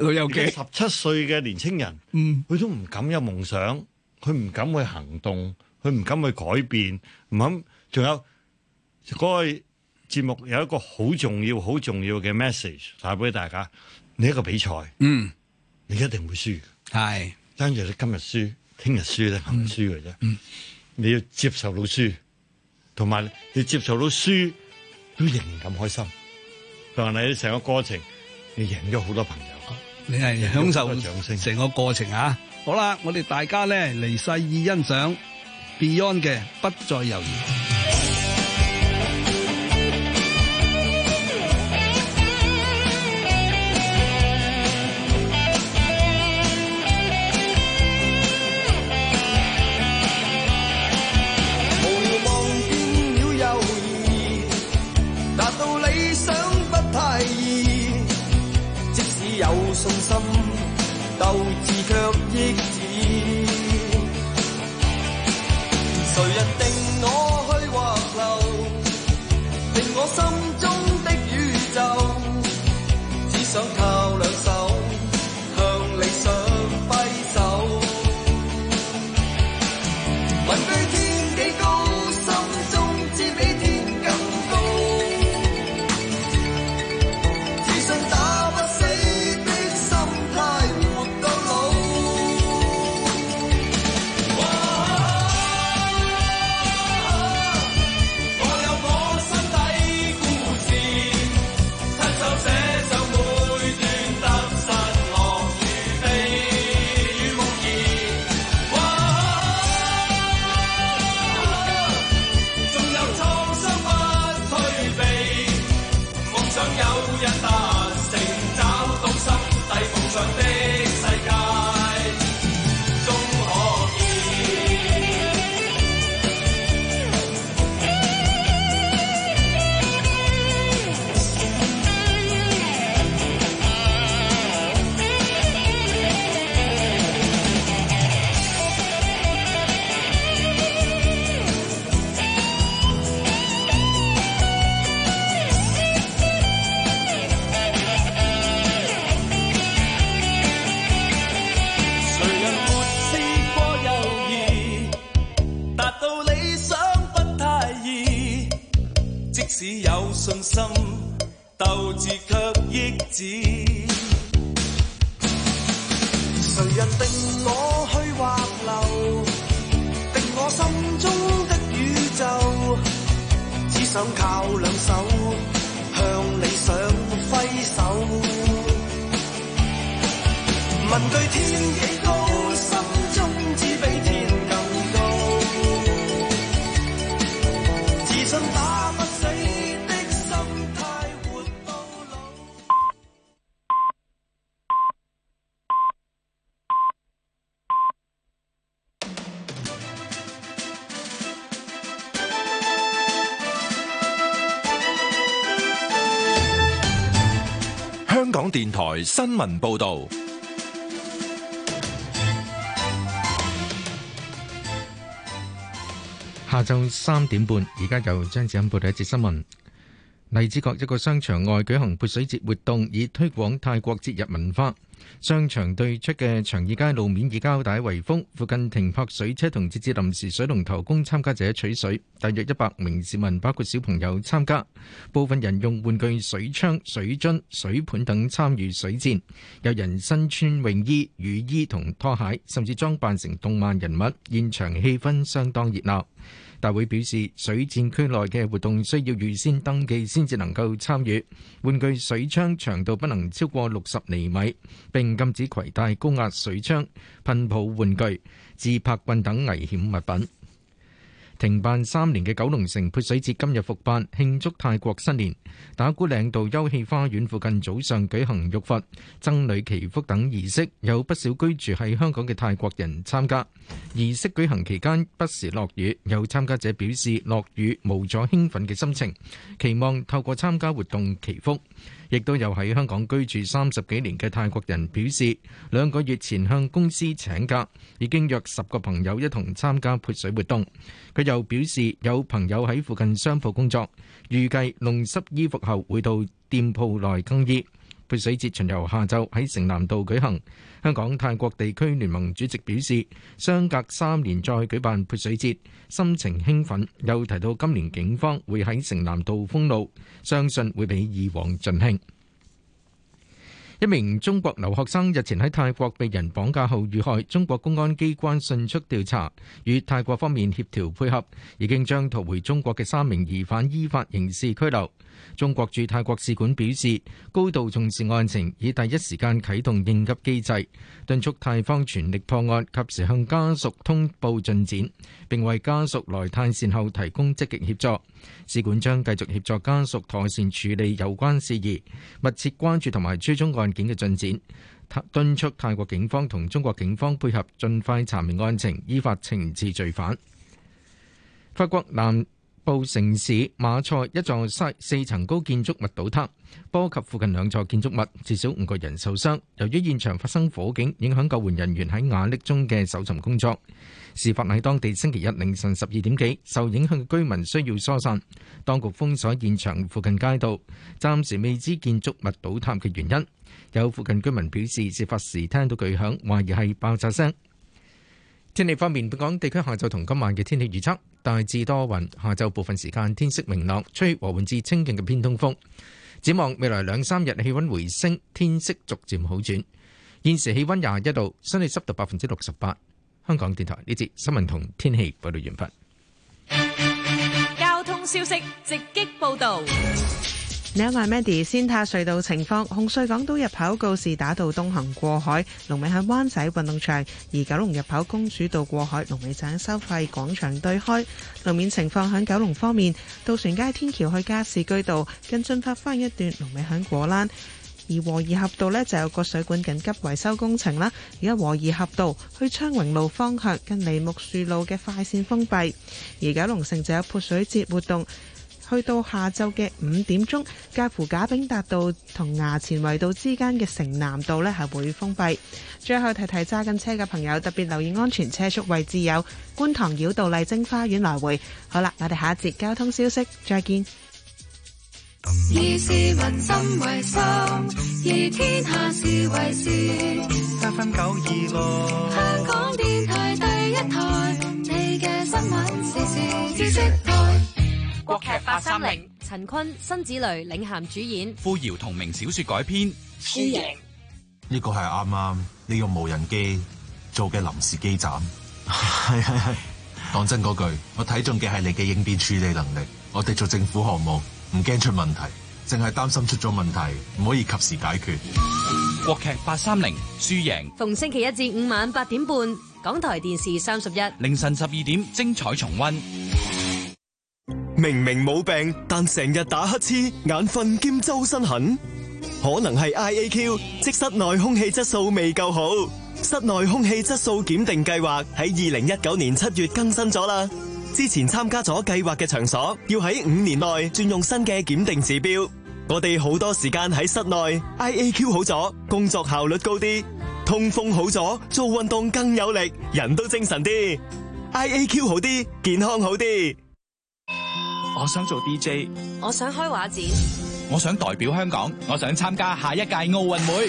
老友記十七歲嘅年青人，嗯，佢都唔敢有夢想，佢唔敢去行動，佢唔敢去改變，唔敢。仲有嗰個節目有一個好重要、好重要嘅 message 帶俾大家，你一個比賽，嗯，你一定會輸。係，跟住是你今日輸，聽日輸咧唔輸嘅啫。你，嗯嗯、你要接受到輸，同埋你接受到輸都仍然咁開心。但係你成個過程，你贏咗好多朋友，你係享受個掌聲，成個過程啊！好啦，我哋大家咧嚟細意欣賞 Beyond 嘅《不再猶豫》。信心，鬥志。電台新聞報道，下晝三點半，而家由張子欣報道一節新聞。荔枝角一個商場外舉行潑水節活動，以推廣泰國節日文化。商場對出嘅長義街路面以膠帶圍封，附近停泊水車同設置臨時水龍頭供參加者取水，大約一百名市民包括小朋友參加，部分人用玩具水槍、水樽、水盤等參與水戰，有人身穿泳衣、雨衣同拖鞋，甚至裝扮成動漫人物，現場氣氛相當熱鬧。大會表示，水戰區內嘅活動需要預先登記，先至能夠參與。玩具水槍長度不能超過六十厘米，並禁止攜帶高壓水槍、噴泡玩具、自拍棍等危險物品。停辦三年嘅九龍城潑水節今日復辦，慶祝泰國新年。打鼓嶺道休憩花園附近早上舉行浴佛、僧侶祈福等儀式，有不少居住喺香港嘅泰國人參加。儀式舉行期間不時落雨，有參加者表示落雨無阻興奮嘅心情，期望透過參加活動祈福。亦都有喺香港居住三十幾年嘅泰國人表示，兩個月前向公司請假，已經約十個朋友一同參加潑水活動。佢又表示有朋友喺附近商鋪工作，預計弄濕衣服後會到店鋪內更衣。潑水節巡遊下晝喺城南道舉行。香港泰國地區聯盟主席表示，相隔三年再舉辦潑水節，心情興奮。又提到今年警方會喺城南道封路，相信會比以往盡興。一名中國留學生日前喺泰國被人綁架後遇害，中國公安機關迅速調查，與泰國方面協調配合，已經將逃回中國嘅三名疑犯依法刑事拘留。中國駐泰國使館表示，高度重視案情，已第一時間啟動應急機制，敦促泰方全力破案，及時向家屬通報進展，並為家屬來泰善後提供積極協助。使館將繼續協助家屬妥善處理有關事宜，密切關注同埋追蹤案件嘅進展，敦促泰國警方同中國警方配合，盡快查明案情，依法懲治罪犯。法國南部城市馬賽一座四四層高建築物倒塌，波及附近兩座建築物，至少五個人受傷。由於現場發生火警，影響救援人員喺瓦礫中嘅搜尋工作。事發喺當地星期一凌晨十二點幾，受影響嘅居民需要疏散。當局封鎖現場附近街道，暫時未知建築物倒塌嘅原因。有附近居民表示，事發時聽到巨響，懷疑係爆炸聲。天氣方面，本港地區下晝同今晚嘅天氣預測大致多雲，下晝部分時間天色明朗，吹和緩至清勁嘅偏東風。展望未來兩三日氣溫回升，天色逐漸好轉。現時氣溫廿一度，相對濕度百分之六十八。香港電台呢節新聞同天氣報道完畢。交通消息直擊報道。你好，我係 Mandy，先睇隧道情況，紅隧港島入口告士打道東行過海，龍尾喺灣仔運動場；而九龍入口公主道過海，龍尾喺收費廣場對開。路面情況喺九龍方面，渡船街天橋去加士居道，跟進發翻一段，龍尾喺果欄；而和宜合道呢，就有個水管緊急維修工程啦。而家和宜合道去昌榮路方向，近梨木樹路嘅快線封閉。而九龍城就有潑水節活動。去到下晝嘅五點鐘，介乎賈炳達道同衙前圍道之間嘅城南道呢係會封閉。最後提提揸緊車嘅朋友，特別留意安全車速，位置有觀塘繞道麗晶花園來回。好啦，我哋下一節交通消息再見。國劇八三零，陳坤、辛芷蕾領銜主演，傅瑤同名小說改編。輸贏呢個係啱啱，呢個無人機做嘅臨時基站。係係係，講真嗰句，我睇中嘅係你嘅應變處理能力。我哋做政府項目，唔驚出問題，淨係擔心出咗問題唔可以及時解決。國劇八三零，輸贏，逢星期一至五晚八點半，港台電視三十一，凌晨十二點，精彩重溫。明明冇病，但成日打乞嗤、眼瞓兼周身痕，可能係 I A Q，即室內空氣質素未夠好。室內空氣質素檢定計劃喺二零一九年七月更新咗啦，之前參加咗計劃嘅場所要喺五年內轉用新嘅檢定指標。我哋好多時間喺室內，I A Q 好咗，工作效率高啲，通風好咗，做運動更有力，人都精神啲，I A Q 好啲，健康好啲。我想做 DJ，我想開畫展，我想代表香港，我想參加下一屆奧運會。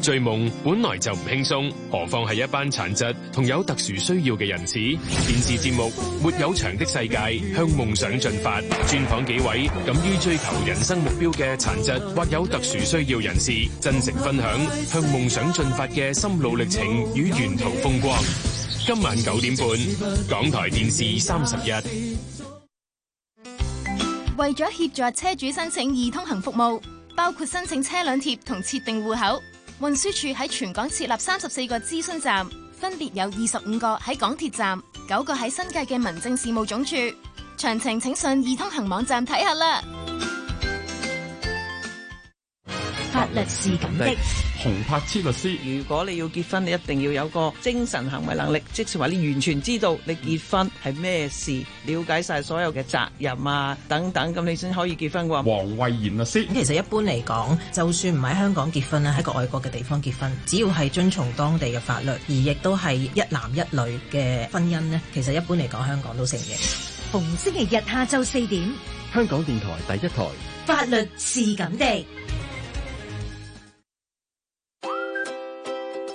追夢本來就唔輕鬆，何況係一班殘疾同有特殊需要嘅人士。電視節目《沒有牆的世界》，向夢想進發。專訪幾位敢於追求人生目標嘅殘疾或有特殊需要人士，真誠分享向夢想進發嘅心路歷程與沿途風光。今晚九點半，港台電視三十一。為咗協助車主申請易通行服務，包括申請車輛貼同設定戶口，運輸署喺全港設立三十四個諮詢站，分別有二十五個喺港鐵站，九個喺新界嘅民政事務總署。詳情請上易通行網站睇下啦。法律是咁的，洪柏超律師，如果你要結婚，你一定要有個精神行為能力，即是話你完全知道你結婚係咩事，了解晒所有嘅責任啊等等，咁你先可以結婚嘅。黃慧賢律師，咁其實一般嚟講，就算唔喺香港結婚啦，喺個外國嘅地方結婚，只要係遵從當地嘅法律，而亦都係一男一女嘅婚姻呢，其實一般嚟講，香港都承認。逢星期日下晝四點，香港電台第一台，法律是咁的。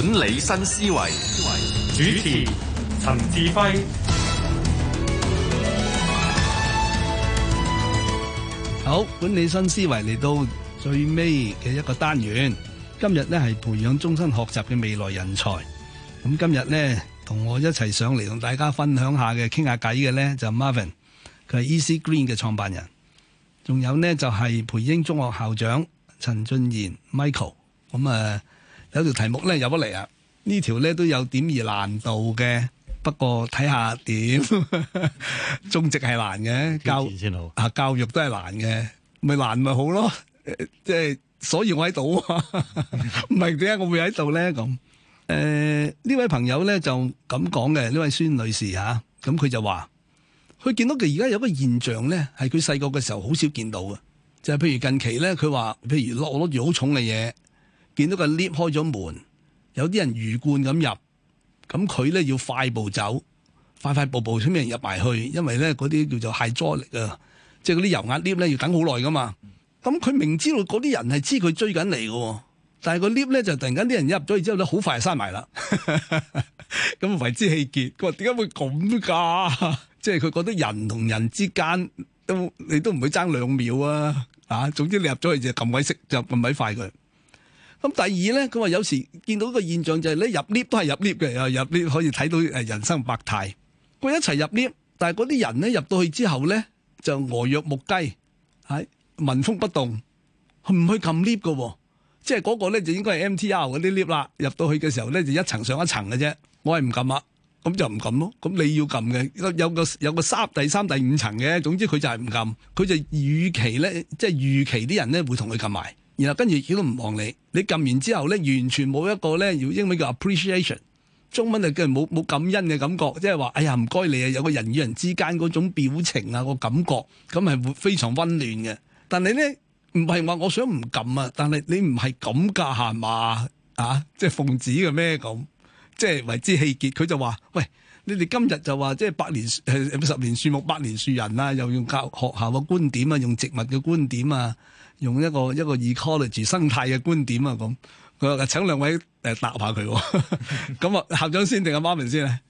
管理新思維，主持陳志輝。好，管理新思維嚟到最尾嘅一個單元。今日咧係培養終身學習嘅未來人才。咁今日咧同我一齊上嚟同大家分享下嘅，傾下偈嘅咧就係、是、Marvin，佢係 Easy Green 嘅創辦人。仲有咧就係、是、培英中學校長陳俊賢 Michael。咁、嗯、啊。呃有條題目咧有得嚟啊！呢條咧都有點而難度嘅，不過睇下點，種植係難嘅，教啊教育都係難嘅，咪難咪好咯！即係所以我喺度啊！唔係點解我會喺度咧咁？誒，呢位朋友咧就咁講嘅呢位孫女士吓，咁佢就話佢見到佢而家有個現象咧，係佢細個嘅時候好少見到嘅，就係譬如近期咧，佢話譬如攞攞住好重嘅嘢。見到個 lift 開咗門，有啲人魚貫咁入，咁佢咧要快步走，快快步步，啲人入埋去，因為咧嗰啲叫做 hydraulic 啊，lift, 即係嗰啲油壓 lift 咧要等好耐㗎嘛。咁佢明知道嗰啲人係知佢追緊嚟嘅，但係個 lift 咧就突然間啲人入咗去之後咧好快就閂埋啦，咁為之氣結。佢話點解會咁㗎啊？即係佢覺得人同人之間都你都唔會爭兩秒啊！啊，總之你入咗去就撳鬼式，就撳鬼快佢。咁第二咧，佢話有時見到個現象就係、是、咧入 lift 都係入 lift 嘅，又入 lift 可以睇到誒人生百態。佢一齊入 lift，但係嗰啲人咧入到去之後咧就呆若木雞，係聞風不動，佢唔去撳 lift 嘅喎。即係嗰個咧就應該係 MTR 嗰啲 lift 啦。入到去嘅時候咧就一層上一層嘅啫。我係唔撳啊，咁就唔撳咯。咁你要撳嘅，有個有個三第三第五層嘅，總之佢就係唔撳，佢就預期咧，即係預期啲人咧會同佢撳埋。然後跟住佢都唔望你，你撳完之後咧，完全冇一個咧，要英文叫 appreciation，中文就叫冇冇感恩嘅感覺，即係話，哎呀唔該你啊，有個人與人之間嗰種表情啊，個感覺，咁係會非常温暖嘅。但係咧，唔係話我想唔撳啊，但係你唔係咁噶係嘛？啊，即係奉旨嘅咩咁，即係為之氣結。佢就話：，喂，你哋今日就話即係百年十年樹木，百年樹人啦，啊，又用教學校嘅觀，觀點啊，用植物嘅觀點啊。用一個一個 ecology 生態嘅觀點啊，咁佢話請兩位誒答下佢，咁啊校長先定阿 Martin 先咧？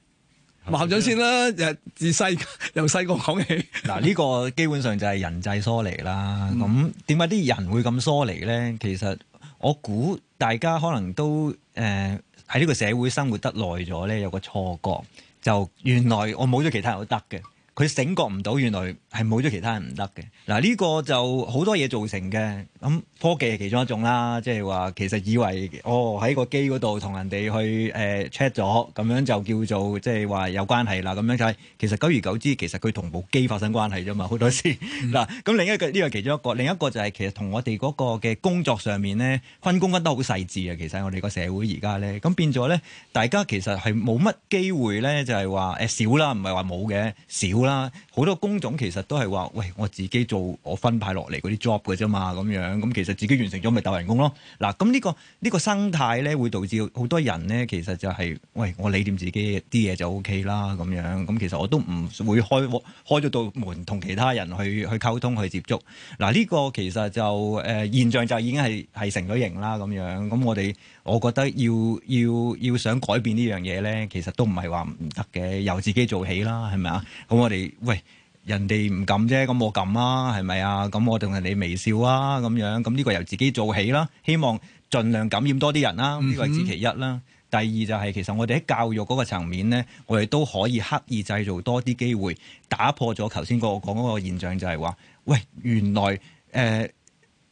校長先啦，誒自細由細個講起。嗱，呢個基本上就係人際疏離啦。咁點解啲人會咁疏離咧？其實我估大家可能都誒喺呢個社會生活得耐咗咧，有個錯覺，就原來我冇咗其他人都得嘅。佢醒覺唔到原來係冇咗其他人唔得嘅。嗱，呢個就好多嘢造成嘅，咁科技係其中一種啦，即係話其實以為哦喺個機嗰度同人哋去誒 check 咗，咁樣就叫做即係話有關係啦，咁樣就係其實久而久之其實佢同部機發生關係啫嘛，好多時嗱。咁另一個呢個其中一個另一個就係其實同我哋嗰個嘅工作上面咧，分工分得好細緻啊，其實我哋個社會而家咧，咁變咗咧，大家其實係冇乜機會咧，就係話誒少啦，唔係話冇嘅，少啦。啦，好多工種其實都係話，喂，我自己做我分派落嚟嗰啲 job 嘅啫嘛，咁樣咁其實自己完成咗咪斗人工咯。嗱，咁呢個呢個生態咧，會導致好多人咧，其實就係，喂，我理掂自己啲嘢就 OK 啦，咁樣咁其實我都唔會開開咗道門同其他人去去溝通去接觸。嗱，呢個其實就誒現象就已經係係成咗型啦，咁樣咁、嗯、我哋。我覺得要要要想改變呢樣嘢咧，其實都唔係話唔得嘅，由自己做起啦，係咪啊？咁我哋喂人哋唔敢啫，咁我敢啊，係咪啊？咁我同人哋微笑啊，咁樣咁呢個由自己做起啦。希望盡量感染多啲人啦、啊，呢個係其一啦。第二就係、是、其實我哋喺教育嗰個層面咧，我哋都可以刻意製造多啲機會，打破咗頭先個講嗰個現象，就係、是、話喂，原來誒。呃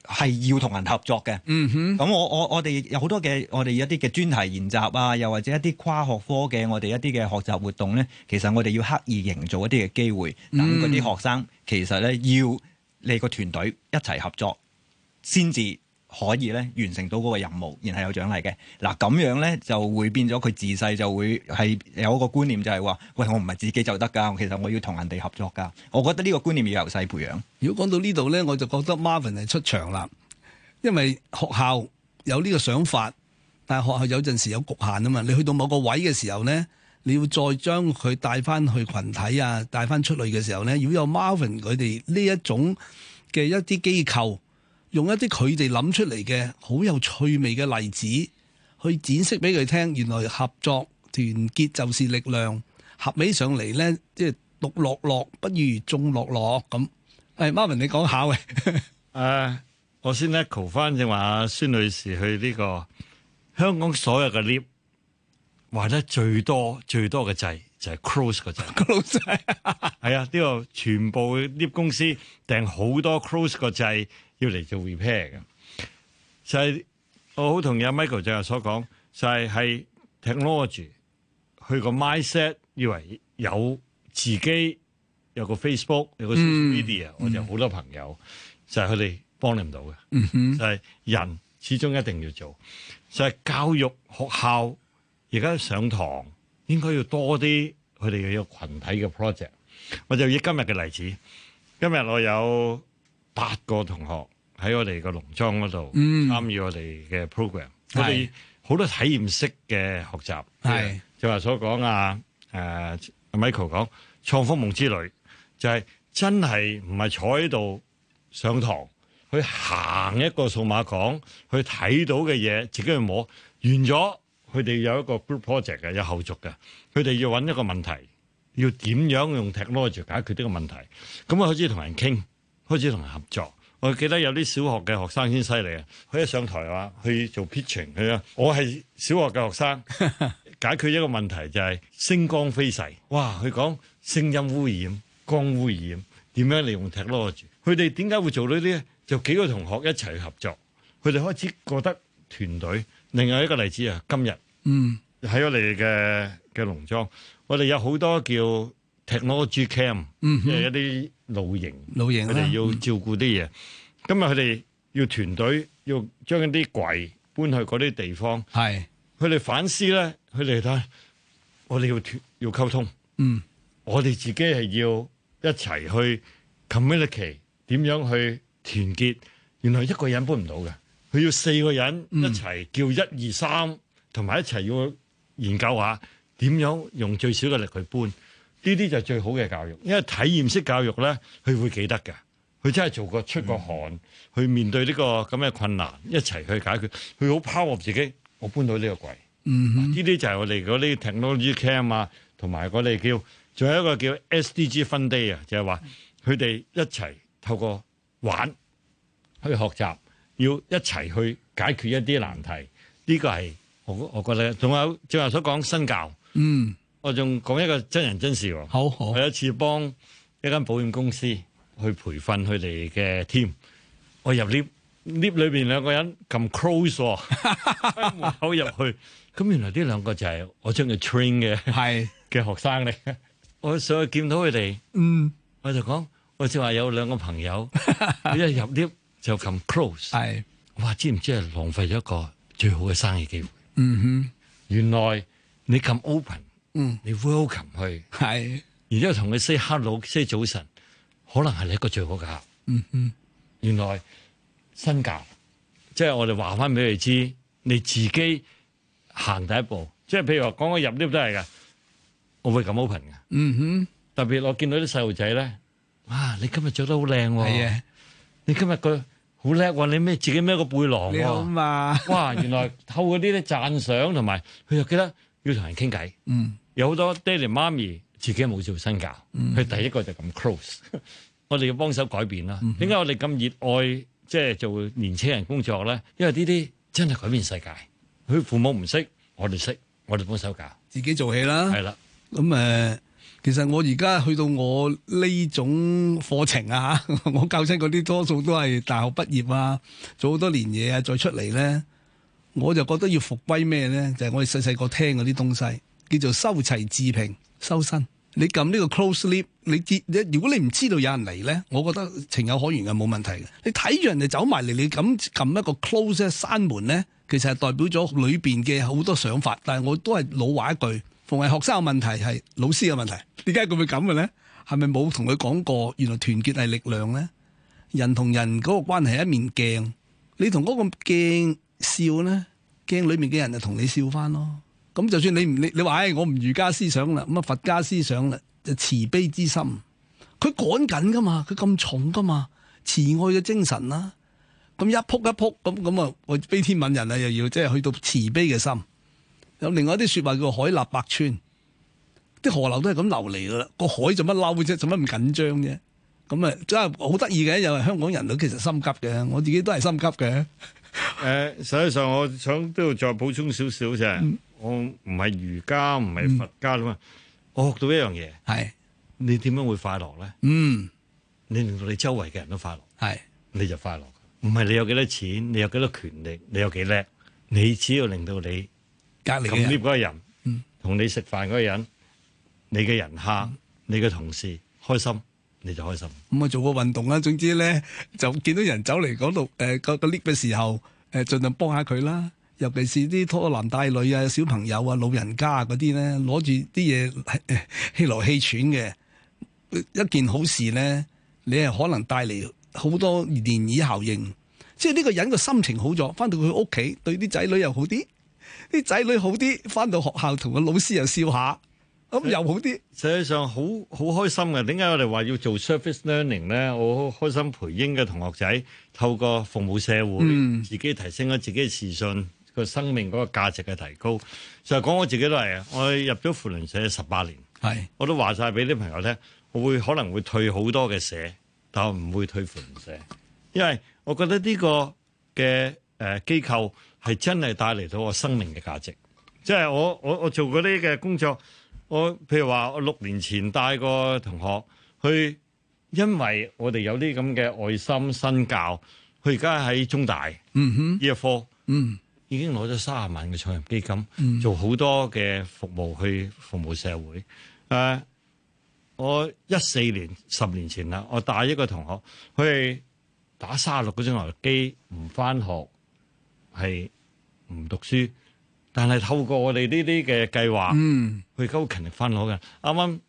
係要同人合作嘅，咁、mm hmm. 我我我哋有好多嘅，我哋一啲嘅專題研習啊，又或者一啲跨學科嘅我哋一啲嘅學習活動咧，其實我哋要刻意營造一啲嘅機會，等嗰啲學生其實咧要你個團隊一齊合作先至、mm。Hmm. 可以咧完成到嗰個任務，然後有獎勵嘅。嗱咁樣咧就會變咗佢自細就會係有一個觀念，就係話：喂，我唔係自己就得㗎，其實我要同人哋合作㗎。我覺得呢個觀念要由細培養。如果講到呢度咧，我就覺得 Marvin 係出場啦，因為學校有呢個想法，但係學校有陣時有局限啊嘛。你去到某個位嘅時候咧，你要再將佢帶翻去群體啊，帶翻出嚟嘅時候咧，如果有 Marvin 佢哋呢一種嘅一啲機構。用一啲佢哋諗出嚟嘅好有趣味嘅例子，去展示俾佢聽。原來合作團結就是力量，合起上嚟咧，即係獨樂樂不如眾樂樂咁。誒 Martin 你講下喂。誒、 啊，我先 echo 翻正話，孫女士去呢、這個香港所有嘅 lift，話得最多最多嘅掣就係、是、close 個掣？係 啊，呢、這個全部 lift 公司訂好多 close 個掣。要嚟做 repair 嘅，就係我好同意 Michael 就係所講，就係係 technology 去個 mindset，以為有自己有個 Facebook 有個 social media，我就好多朋友，就係佢哋幫你唔到嘅。就係人始終一定要做，就係教育學校而家上堂應該要多啲佢哋嘅一個群體嘅 project。我就以今日嘅例子，今日我有。八個同學喺我哋個農莊嗰度參與我哋嘅 program，佢哋好多體驗式嘅學習。就話的所講啊，誒、uh, Michael 講創富夢之旅就係、是、真係唔係坐喺度上堂，去行一個數碼港，去睇到嘅嘢自己去摸完咗，佢哋有一個 group project 嘅，有後續嘅。佢哋要揾一個問題，要點樣用 technology 解決呢個問題？咁啊開始同人傾。開始同人合作，我記得有啲小學嘅學生先犀利啊！佢一上台話去做 pitching，佢啊，我係小學嘅學生，解決一個問題就係、是、聲光飛逝。哇！佢講聲音污染、光污染，點樣利用 technology？佢哋點解會做呢啲咧？就幾個同學一齊合作，佢哋開始覺得團隊。另外一個例子啊，今日嗯喺我哋嘅嘅農莊，我哋有好多叫 technology camp，即係、嗯、哼一啲。露營，佢哋要照顧啲嘢。嗯、今日佢哋要團隊要將一啲櫃搬去嗰啲地方。係，佢哋反思咧，佢哋睇，我哋要團要溝通。嗯，我哋自己係要一齊去 communicate，點樣去團結？原來一個人搬唔到嘅，佢要四個人一齊叫、嗯、一二三，同埋一齊要研究下點樣用最少嘅力去搬。呢啲就最好嘅教育，因為體驗式教育咧，佢會記得嘅。佢真係做過出個汗，嗯、哼去面對呢個咁嘅困難，一齊去解決，佢好 power 自己。我搬到呢個櫃，嗯哼，呢啲、啊、就係我哋嗰啲 technology camp 啊，同埋我哋叫仲有一個叫 SDG fun day 啊，就係話佢哋一齊透過玩去學習，要一齊去解決一啲難題。呢、呢個係我我覺得仲有最後所講身教，嗯。我仲講一個真人真事喎。好，我有一次幫一間保險公司去培訓佢哋嘅 team，我入 lift lift 裏邊兩個人咁 close 喎，開門口入去，咁原來呢兩個就係我將佢 train 嘅嘅學生咧。我上去見到佢哋，我就講，我就話有兩個朋友一入 lift 就咁 close，係，哇！知唔知係浪費咗一個最好嘅生意機會？嗯哼，原來你咁 open。嗯，你 welcome 去，係的，然之後同佢 say hello，say 早晨，可能係你一個最好嘅客嗯。嗯哼，原來新教，即係我哋話翻俾佢知，你自己行第一步，即係譬如話講我入 lift 都係㗎，我會咁 open 㗎。嗯哼，特別我見到啲細路仔咧，哇！你今日着得好靚喎，啊的，你今日佢好叻喎，你咩自己孭個背囊喎，哦、白嘛， 哇！原來透過呢啲讚賞同埋，佢又記得要同人傾偈。嗯。有好多爹哋媽咪自己冇做身教，佢、嗯、第一個就咁 close。 我哋要幫手改變啦。點解、嗯、我哋咁熱愛即係、就是、做年青人工作咧？因為呢啲真係改變世界。佢父母唔識，我哋識，我哋幫手教自己做戲啦。係啦的，咁誒、呃，其實我而家去到我呢種課程啊，嚇我教親嗰啲多數都係大學畢業啊，做好多年嘢啊，再出嚟咧，我就覺得要復歸咩咧？就係、是、我哋細細個聽嗰啲東西。叫做修齊治平，修身，你撳呢個 close lid，你，你如果你唔知道有人嚟呢，我覺得情有可原嘅冇問題嘅。你睇住人哋走埋嚟，你咁撳一個 close 咧，閂門咧，其實係代表咗裏邊嘅好多想法。但係我都係老話一句，逢係學生嘅問題係老師嘅問題。點解佢會咁嘅呢？係咪冇同佢講過原來團結係力量呢？人同人嗰個關係係一面鏡，你同嗰個鏡笑呢？鏡裡面嘅人就同你笑翻咯。咁就算你唔你你話，唉，我唔儒家思想啦，咁啊佛家思想啦，就是、慈悲之心，佢趕緊噶嘛，佢咁重噶嘛，慈愛嘅精神啦、啊，咁一撲一撲咁咁啊，悲天憫人啊，又要即係、就是、去到慈悲嘅心。有另外一啲說話叫海納百川，啲河流都係咁流嚟噶啦，個海做乜嬲啫？做乜唔緊張啫？咁啊真係好得意嘅，又係香港人都其實心急嘅，我自己都係心急嘅。誒、 呃，實際上我想都要再補充少少啫。嗯我唔係儒家，唔係佛家嘛。我學到一是樣嘢，係你點樣會快樂咧？嗯，你令到你周圍嘅人都快樂，係是你就快樂。唔係你有幾多錢，你有幾多權力，你有幾叻，你只要令到你隔籬嘅、同 lift 嗰個人、同你食飯嗰個人、你嘅人、嗯、人客、你嘅同事開心，你就開心。咁啊、嗯，做個運動啦。總之咧，就見到人走嚟嗰度，誒、呃，個個 lift 嘅時候，誒、呃、盡、呃呃、量幫下佢啦。尤其是啲拖男帶女啊、小朋友啊、老人家嗰啲咧，攞住啲嘢氣來氣喘嘅，一件好事咧，你係可能帶嚟好多漣漪效應。即係呢個人個心情好咗，翻到佢屋企對啲仔女又好啲，啲仔女好啲，翻到學校同個老師又笑下，咁又好啲。實際上好好開心嘅。點解我哋話要做 service learning 咧？我好開心培英嘅同學仔透過服務社會，自己提升咗自己嘅自信。嗯個生命嗰個價值嘅提高，就係講我自己都係啊是！我入咗扶輪社十八年，係我都話晒俾啲朋友聽，我會可能會退好多嘅社，但我唔會退扶輪社，因為我覺得呢個嘅誒機構係真係帶嚟到我生命嘅價值。即係我我我做嗰啲嘅工作，我譬如話我六年前帶個同學去，因為我哋有啲咁嘅愛心新教，佢而家喺中大，嗯哼呢一科，year four, 嗯。已經攞咗三十萬嘅創業基金，嗯、做好多嘅服務去服務社會。誒、呃，我一四年十年前啦，我帶一個同學，佢係打三十六個鐘頭機，唔翻學，係唔讀書。但係透過我哋呢啲嘅計劃，嗯、去夠勤力翻學嘅。啱啱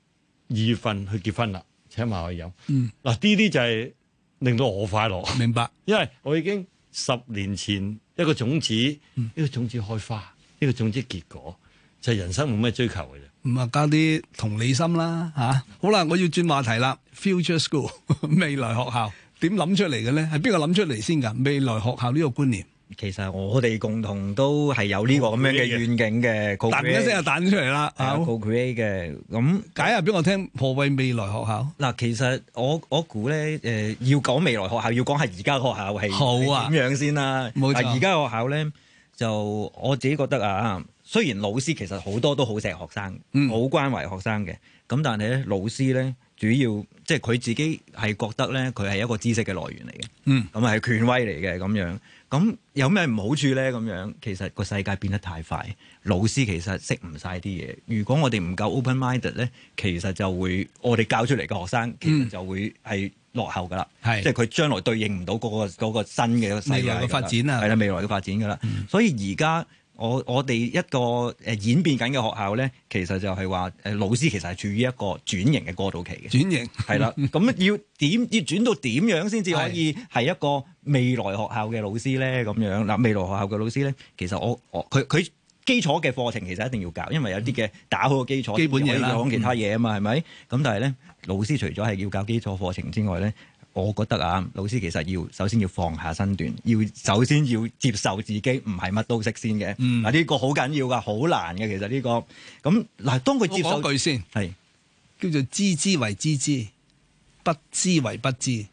二月份去結婚啦，請埋我飲。嗱、嗯，呢啲就係令到我快樂。明白，因為我已經。十年前一個種子，呢、嗯、個種子開花，呢個種子結果，就係、是、人生冇咩追求嘅啫。咁啊，加啲同理心啦，吓、啊、好啦，我要轉話題啦。Future School 未來學校點諗出嚟嘅咧？係邊個諗出嚟先噶？未來學校呢個觀念？其實我哋共同都係有呢個咁樣嘅願景嘅，突然間聲又彈出嚟啦。啊 co-create 嘅，咁好、嗯、解下俾我聽何謂未來學校。嗱，其實我我估咧，誒、呃，要講未來學校，要講係而家學校係點、啊、樣先啦。冇錯錯，而家嘅學校咧，就我自己覺得啊，雖然老師其實好多都好錫學生，好、嗯、關懷學生嘅，咁但係咧，老師咧。主要即係佢自己係覺得咧，佢係一個知識嘅來源嚟嘅，嗯，咁係權威嚟嘅咁樣，咁有咩唔好處咧？咁樣，其實個世界變得太快，老師其實識唔晒啲嘢。如果我哋唔夠 open minded 咧，其實就會，我哋教出嚟嘅學生、嗯、其實就會，係落後噶啦。係、嗯，即係佢將來對應唔到嗰個嗰、嗰個新嘅一個世界嘅發展啊，係啦，未來嘅發展噶啦。嗯、所以而家。我我哋一個誒演變緊嘅學校咧，其實就係話誒老師其實係處於一個轉型嘅過渡期嘅轉型係啦，咁要點要轉到點樣先至可以係一個未來學校嘅老師咧？咁樣嗱、啊，未來學校嘅老師咧，其實我我佢佢基礎嘅課程其實一定要教，因為有啲嘅打好個基礎，基本嘢啦，講其他嘢啊嘛，係咪、嗯？咁但係咧，老師除咗係要教基礎課程之外咧。我覺得啊，老師其實要首先要放下身段，要首先要接受自己唔係乜都識先嘅。嗯，啊呢個好緊要噶，好難嘅其實呢個。咁嗱，當佢接受，我講句先，係叫做知之為知之，不知為不知，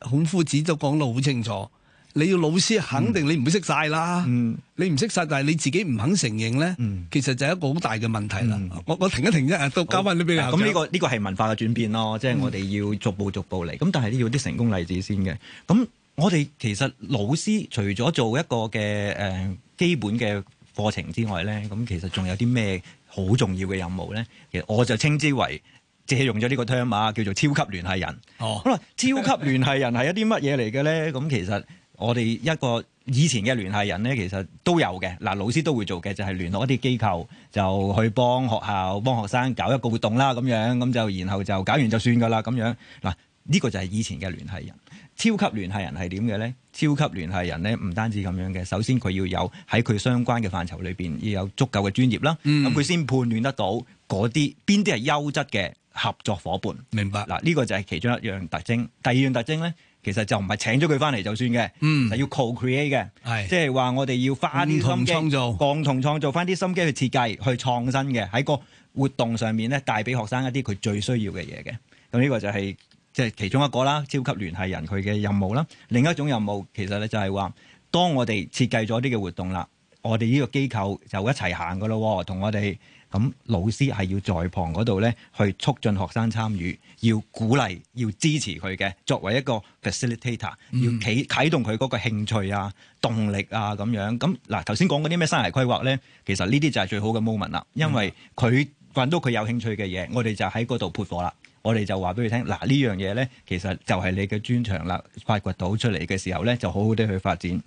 孔夫子都講得好清楚。你要老師肯定你唔會識晒啦，嗯、你唔識晒，但係你自己唔肯承認咧，嗯、其實就係一個好大嘅問題啦。我、嗯、我停一停啫，都交翻俾你啊？咁呢個呢個係文化嘅轉變咯，即係、嗯、我哋要逐步逐步嚟。咁但係要啲成功例子先嘅。咁我哋其實老師除咗做一個嘅誒基本嘅課程之外咧，咁其實仲有啲咩好重要嘅任務咧？其實我就稱之為借用咗呢個 term 叫做超級聯繫人。哦，好啦、嗯，超級聯繫人係一啲乜嘢嚟嘅咧？咁其實。我哋一個以前嘅聯繫人咧，其實都有嘅。嗱，老師都會做嘅，就係聯絡一啲機構，就去幫學校幫學生搞一個活動啦。咁樣咁就，然後就搞完就算噶啦。咁樣嗱，呢個就係以前嘅聯繫人。超級聯繫人係點嘅咧？超級聯繫人咧，唔單止咁樣嘅。首先佢要有喺佢相關嘅範疇裏邊要有足夠嘅專業啦。咁佢先判斷得到嗰啲邊啲係優質嘅合作伙伴。明白。嗱，呢個就係其中一樣特徵。第二樣特徵咧？其實就唔係請咗佢翻嚟就算嘅，係、嗯、要 co-create 嘅，係即係話我哋要花啲心機，共同，同創造翻啲心機去設計、去創新嘅喺個活動上面咧，帶俾學生一啲佢最需要嘅嘢嘅。咁呢個就係即係其中一個啦，超級聯繫人佢嘅任務啦。另一種任務其實咧就係話，當我哋設計咗啲嘅活動啦，我哋呢個機構就一齊行噶咯，同我哋咁老師係要在旁嗰度咧去促進學生參與。要鼓勵、要支持佢嘅，作為一個 facilitator，、嗯、要啟啟動佢嗰個興趣啊、動力啊咁樣。咁嗱，頭先講嗰啲咩生涯規劃咧，其實呢啲就係最好嘅 moment 啦，因為佢搵、嗯、到佢有興趣嘅嘢，我哋就喺嗰度撥火啦。我哋就話俾佢聽，嗱呢樣嘢咧，其實就係你嘅專長啦。發掘到出嚟嘅時候咧，就好好哋去發展。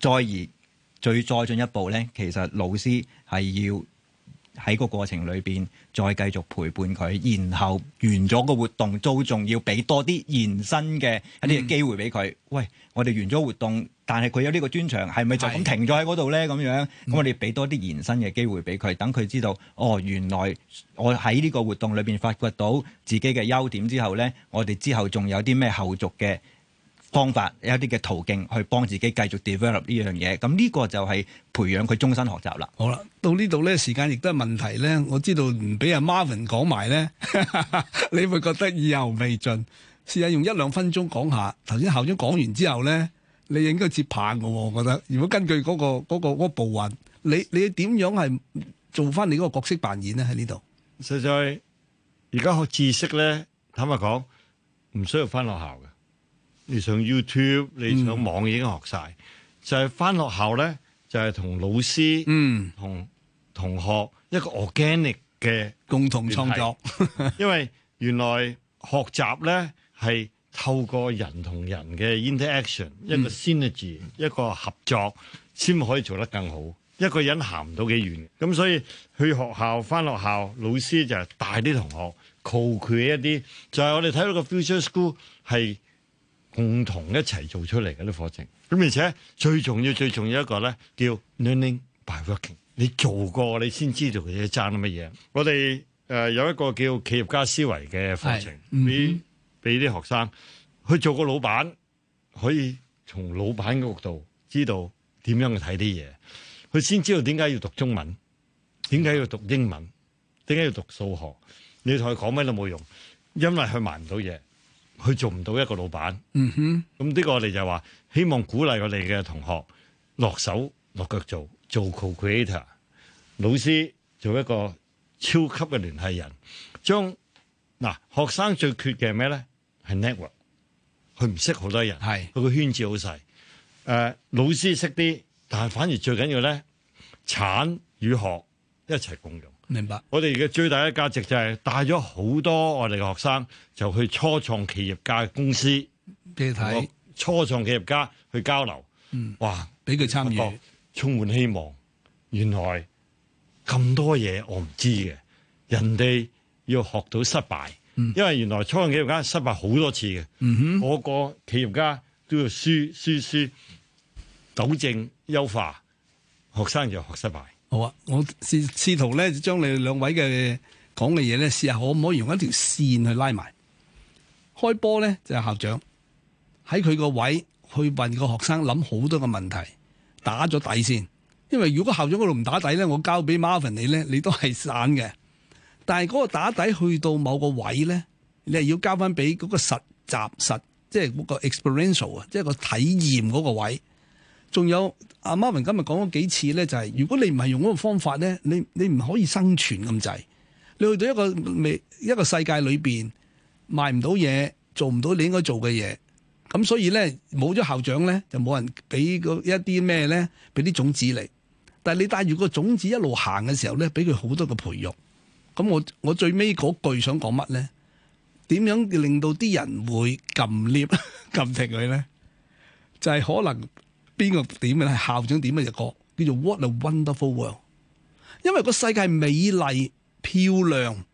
再而最再進一步咧，其實老師係要。喺個過程裏邊，再繼續陪伴佢，然後完咗個活動，都仲要俾多啲延伸嘅一啲嘅機會俾佢。嗯、喂，我哋完咗活動，但係佢有呢個專長，係咪就咁停咗喺嗰度咧？咁的樣，咁我哋俾多啲延伸嘅機會俾佢，等佢知道，哦，原來我喺呢個活動裏邊發掘到自己嘅優點之後咧，我哋之後仲有啲咩後續嘅方法有一啲嘅途徑去幫自己繼續 develop 呢樣嘢，咁呢個就係培養佢終身學習啦。好啦，到呢度咧，時間亦都係問題咧。我知道唔俾阿 Marvin 講埋咧， 你會覺得意猶未盡。試下用一兩分鐘講下頭先校長講完之後咧，你應該接棒嘅。我覺得如果根據嗰個嗰個嗰個步驟，你你點樣係做翻你嗰個角色扮演咧？喺呢度，實在而家學知識咧，坦白講唔需要翻學校嘅。你上 YouTube，你上網已經學晒，嗯。就係返學校咧，就係同老師、同、嗯、同學一個 organic 嘅共同創作。 因為原來學習咧係透過人同人嘅 interaction，嗯、一個 synergy，一個合作先可以做得更好。一個人行唔到幾遠嘅，咁所以去學校返學校，老師就係帶啲同學 call 佢一啲，就係、是、我哋睇到個 future school 係。共同一齊做出嚟嘅啲課程，咁而且最重要、最重要一個咧，叫 learning by working。你做過，你先知道嘅嘢爭乜嘢。我哋誒、呃、有一個叫企業家思維嘅課程，俾俾啲學生去做個老闆，可以從老闆嘅角度知道點樣去睇啲嘢，佢先知道點解要讀中文，點解要讀英文，點解要讀數學。你同佢講咩都冇用，因為佢聞唔到嘢。佢做唔到一個老闆，嗯哼，咁呢個我哋就話希望鼓勵我哋嘅同學落手落腳做，做 co creator，老師做一個超級嘅聯繫人，將嗱學生最缺嘅係咩咧？係 network，佢唔識好多人，係，佢個圈子好細。誒，老師識啲，但係反而最緊要咧，產與學一齊共用。明白。我哋而家最大嘅價值就係帶咗好多我哋嘅學生，就去初創企業家嘅公司，俾佢睇初創企業家去交流。嗯，哇，俾佢參與，充滿希望。原來咁多嘢我唔知嘅，人哋要學到失敗，嗯、因為原來初創企業家失敗好多次嘅。我、嗯、哼，我個企業家都要輸輸輸，糾正優化，學生就學失敗。好啊！我試試圖咧，將你哋兩位嘅講嘅嘢咧，試下可唔可以用一條線去拉埋。開波咧就係校長喺佢個位去問個學生，諗好多個問題，打咗底先。因為如果校長嗰度唔打底咧，我交俾 Marvin 你咧，你都係散嘅。但係嗰個打底去到某個位咧，你係要交翻俾嗰個實習實，即係嗰個 experiential 啊，即係個體驗嗰個位。仲有。阿、啊、Marvin 今日講咗幾次咧，就係、是、如果你唔係用嗰個方法咧，你你唔可以生存咁滯。你去到一個未一個世界裏邊賣唔到嘢，做唔到你應該做嘅嘢，咁所以咧，冇咗校長咧，就冇人俾嗰一啲咩咧，俾啲種子你。但係你帶住個種子一路行嘅時候咧，俾佢好多嘅培育。咁我我最尾嗰句想講乜咧？點樣令到啲人會撳 lift 撳停佢咧？就係、是、可能。邊個點嘅係校長點嘅隻歌，叫做 What a wonderful world。因為個世界美麗漂亮，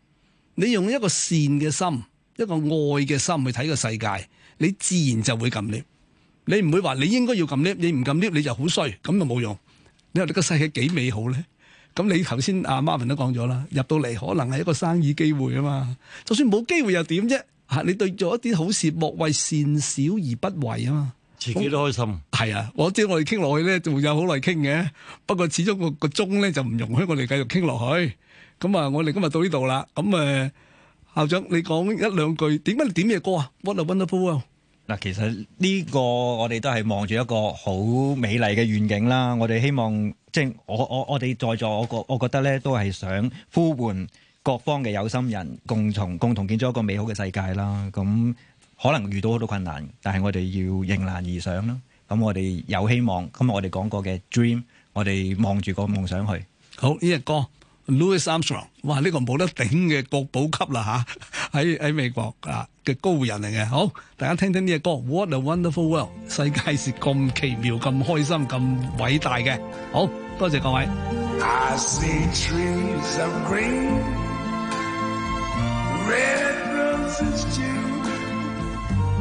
你用一個善嘅心，一個愛嘅心去睇個世界，你自然就會撳 lift。你唔會話你應該要撳 lift，你唔撳 lift 你就好衰，咁就冇用。你話你個世界幾美好咧？咁你頭先阿 Martin 都講咗啦，入到嚟可能係一個生意機會啊嘛。就算冇機會又點啫？吓，你對做一啲好事，莫為善小而不為啊嘛。自己都開心，係啊！我知我哋傾落去咧，仲有好耐傾嘅。不過始終個個鐘咧就唔容許我哋繼續傾落去。咁啊，我哋今日到呢度啦。咁誒，校長你講一兩句，點啊？點咩歌啊？Wonderful，wonderful。嗱，其實呢個我哋都係望住一個好美麗嘅願景啦。我哋希望即係我我我哋在座，我覺我覺得咧都係想呼喚各方嘅有心人，共同共同建築一個美好嘅世界啦。咁。可能遇到好多困難，但係我哋要迎難而上啦。咁我哋有希望。今日我哋講過嘅 dream，我哋望住個夢想去。好，呢隻歌，Louis Armstrong，哇！呢個冇得頂嘅國寶級啦吓，喺喺美國啊嘅高人嚟嘅。好，大家聽聽呢隻歌。What a wonderful world，世界是咁奇妙、咁開心、咁偉大嘅。好，多謝各位。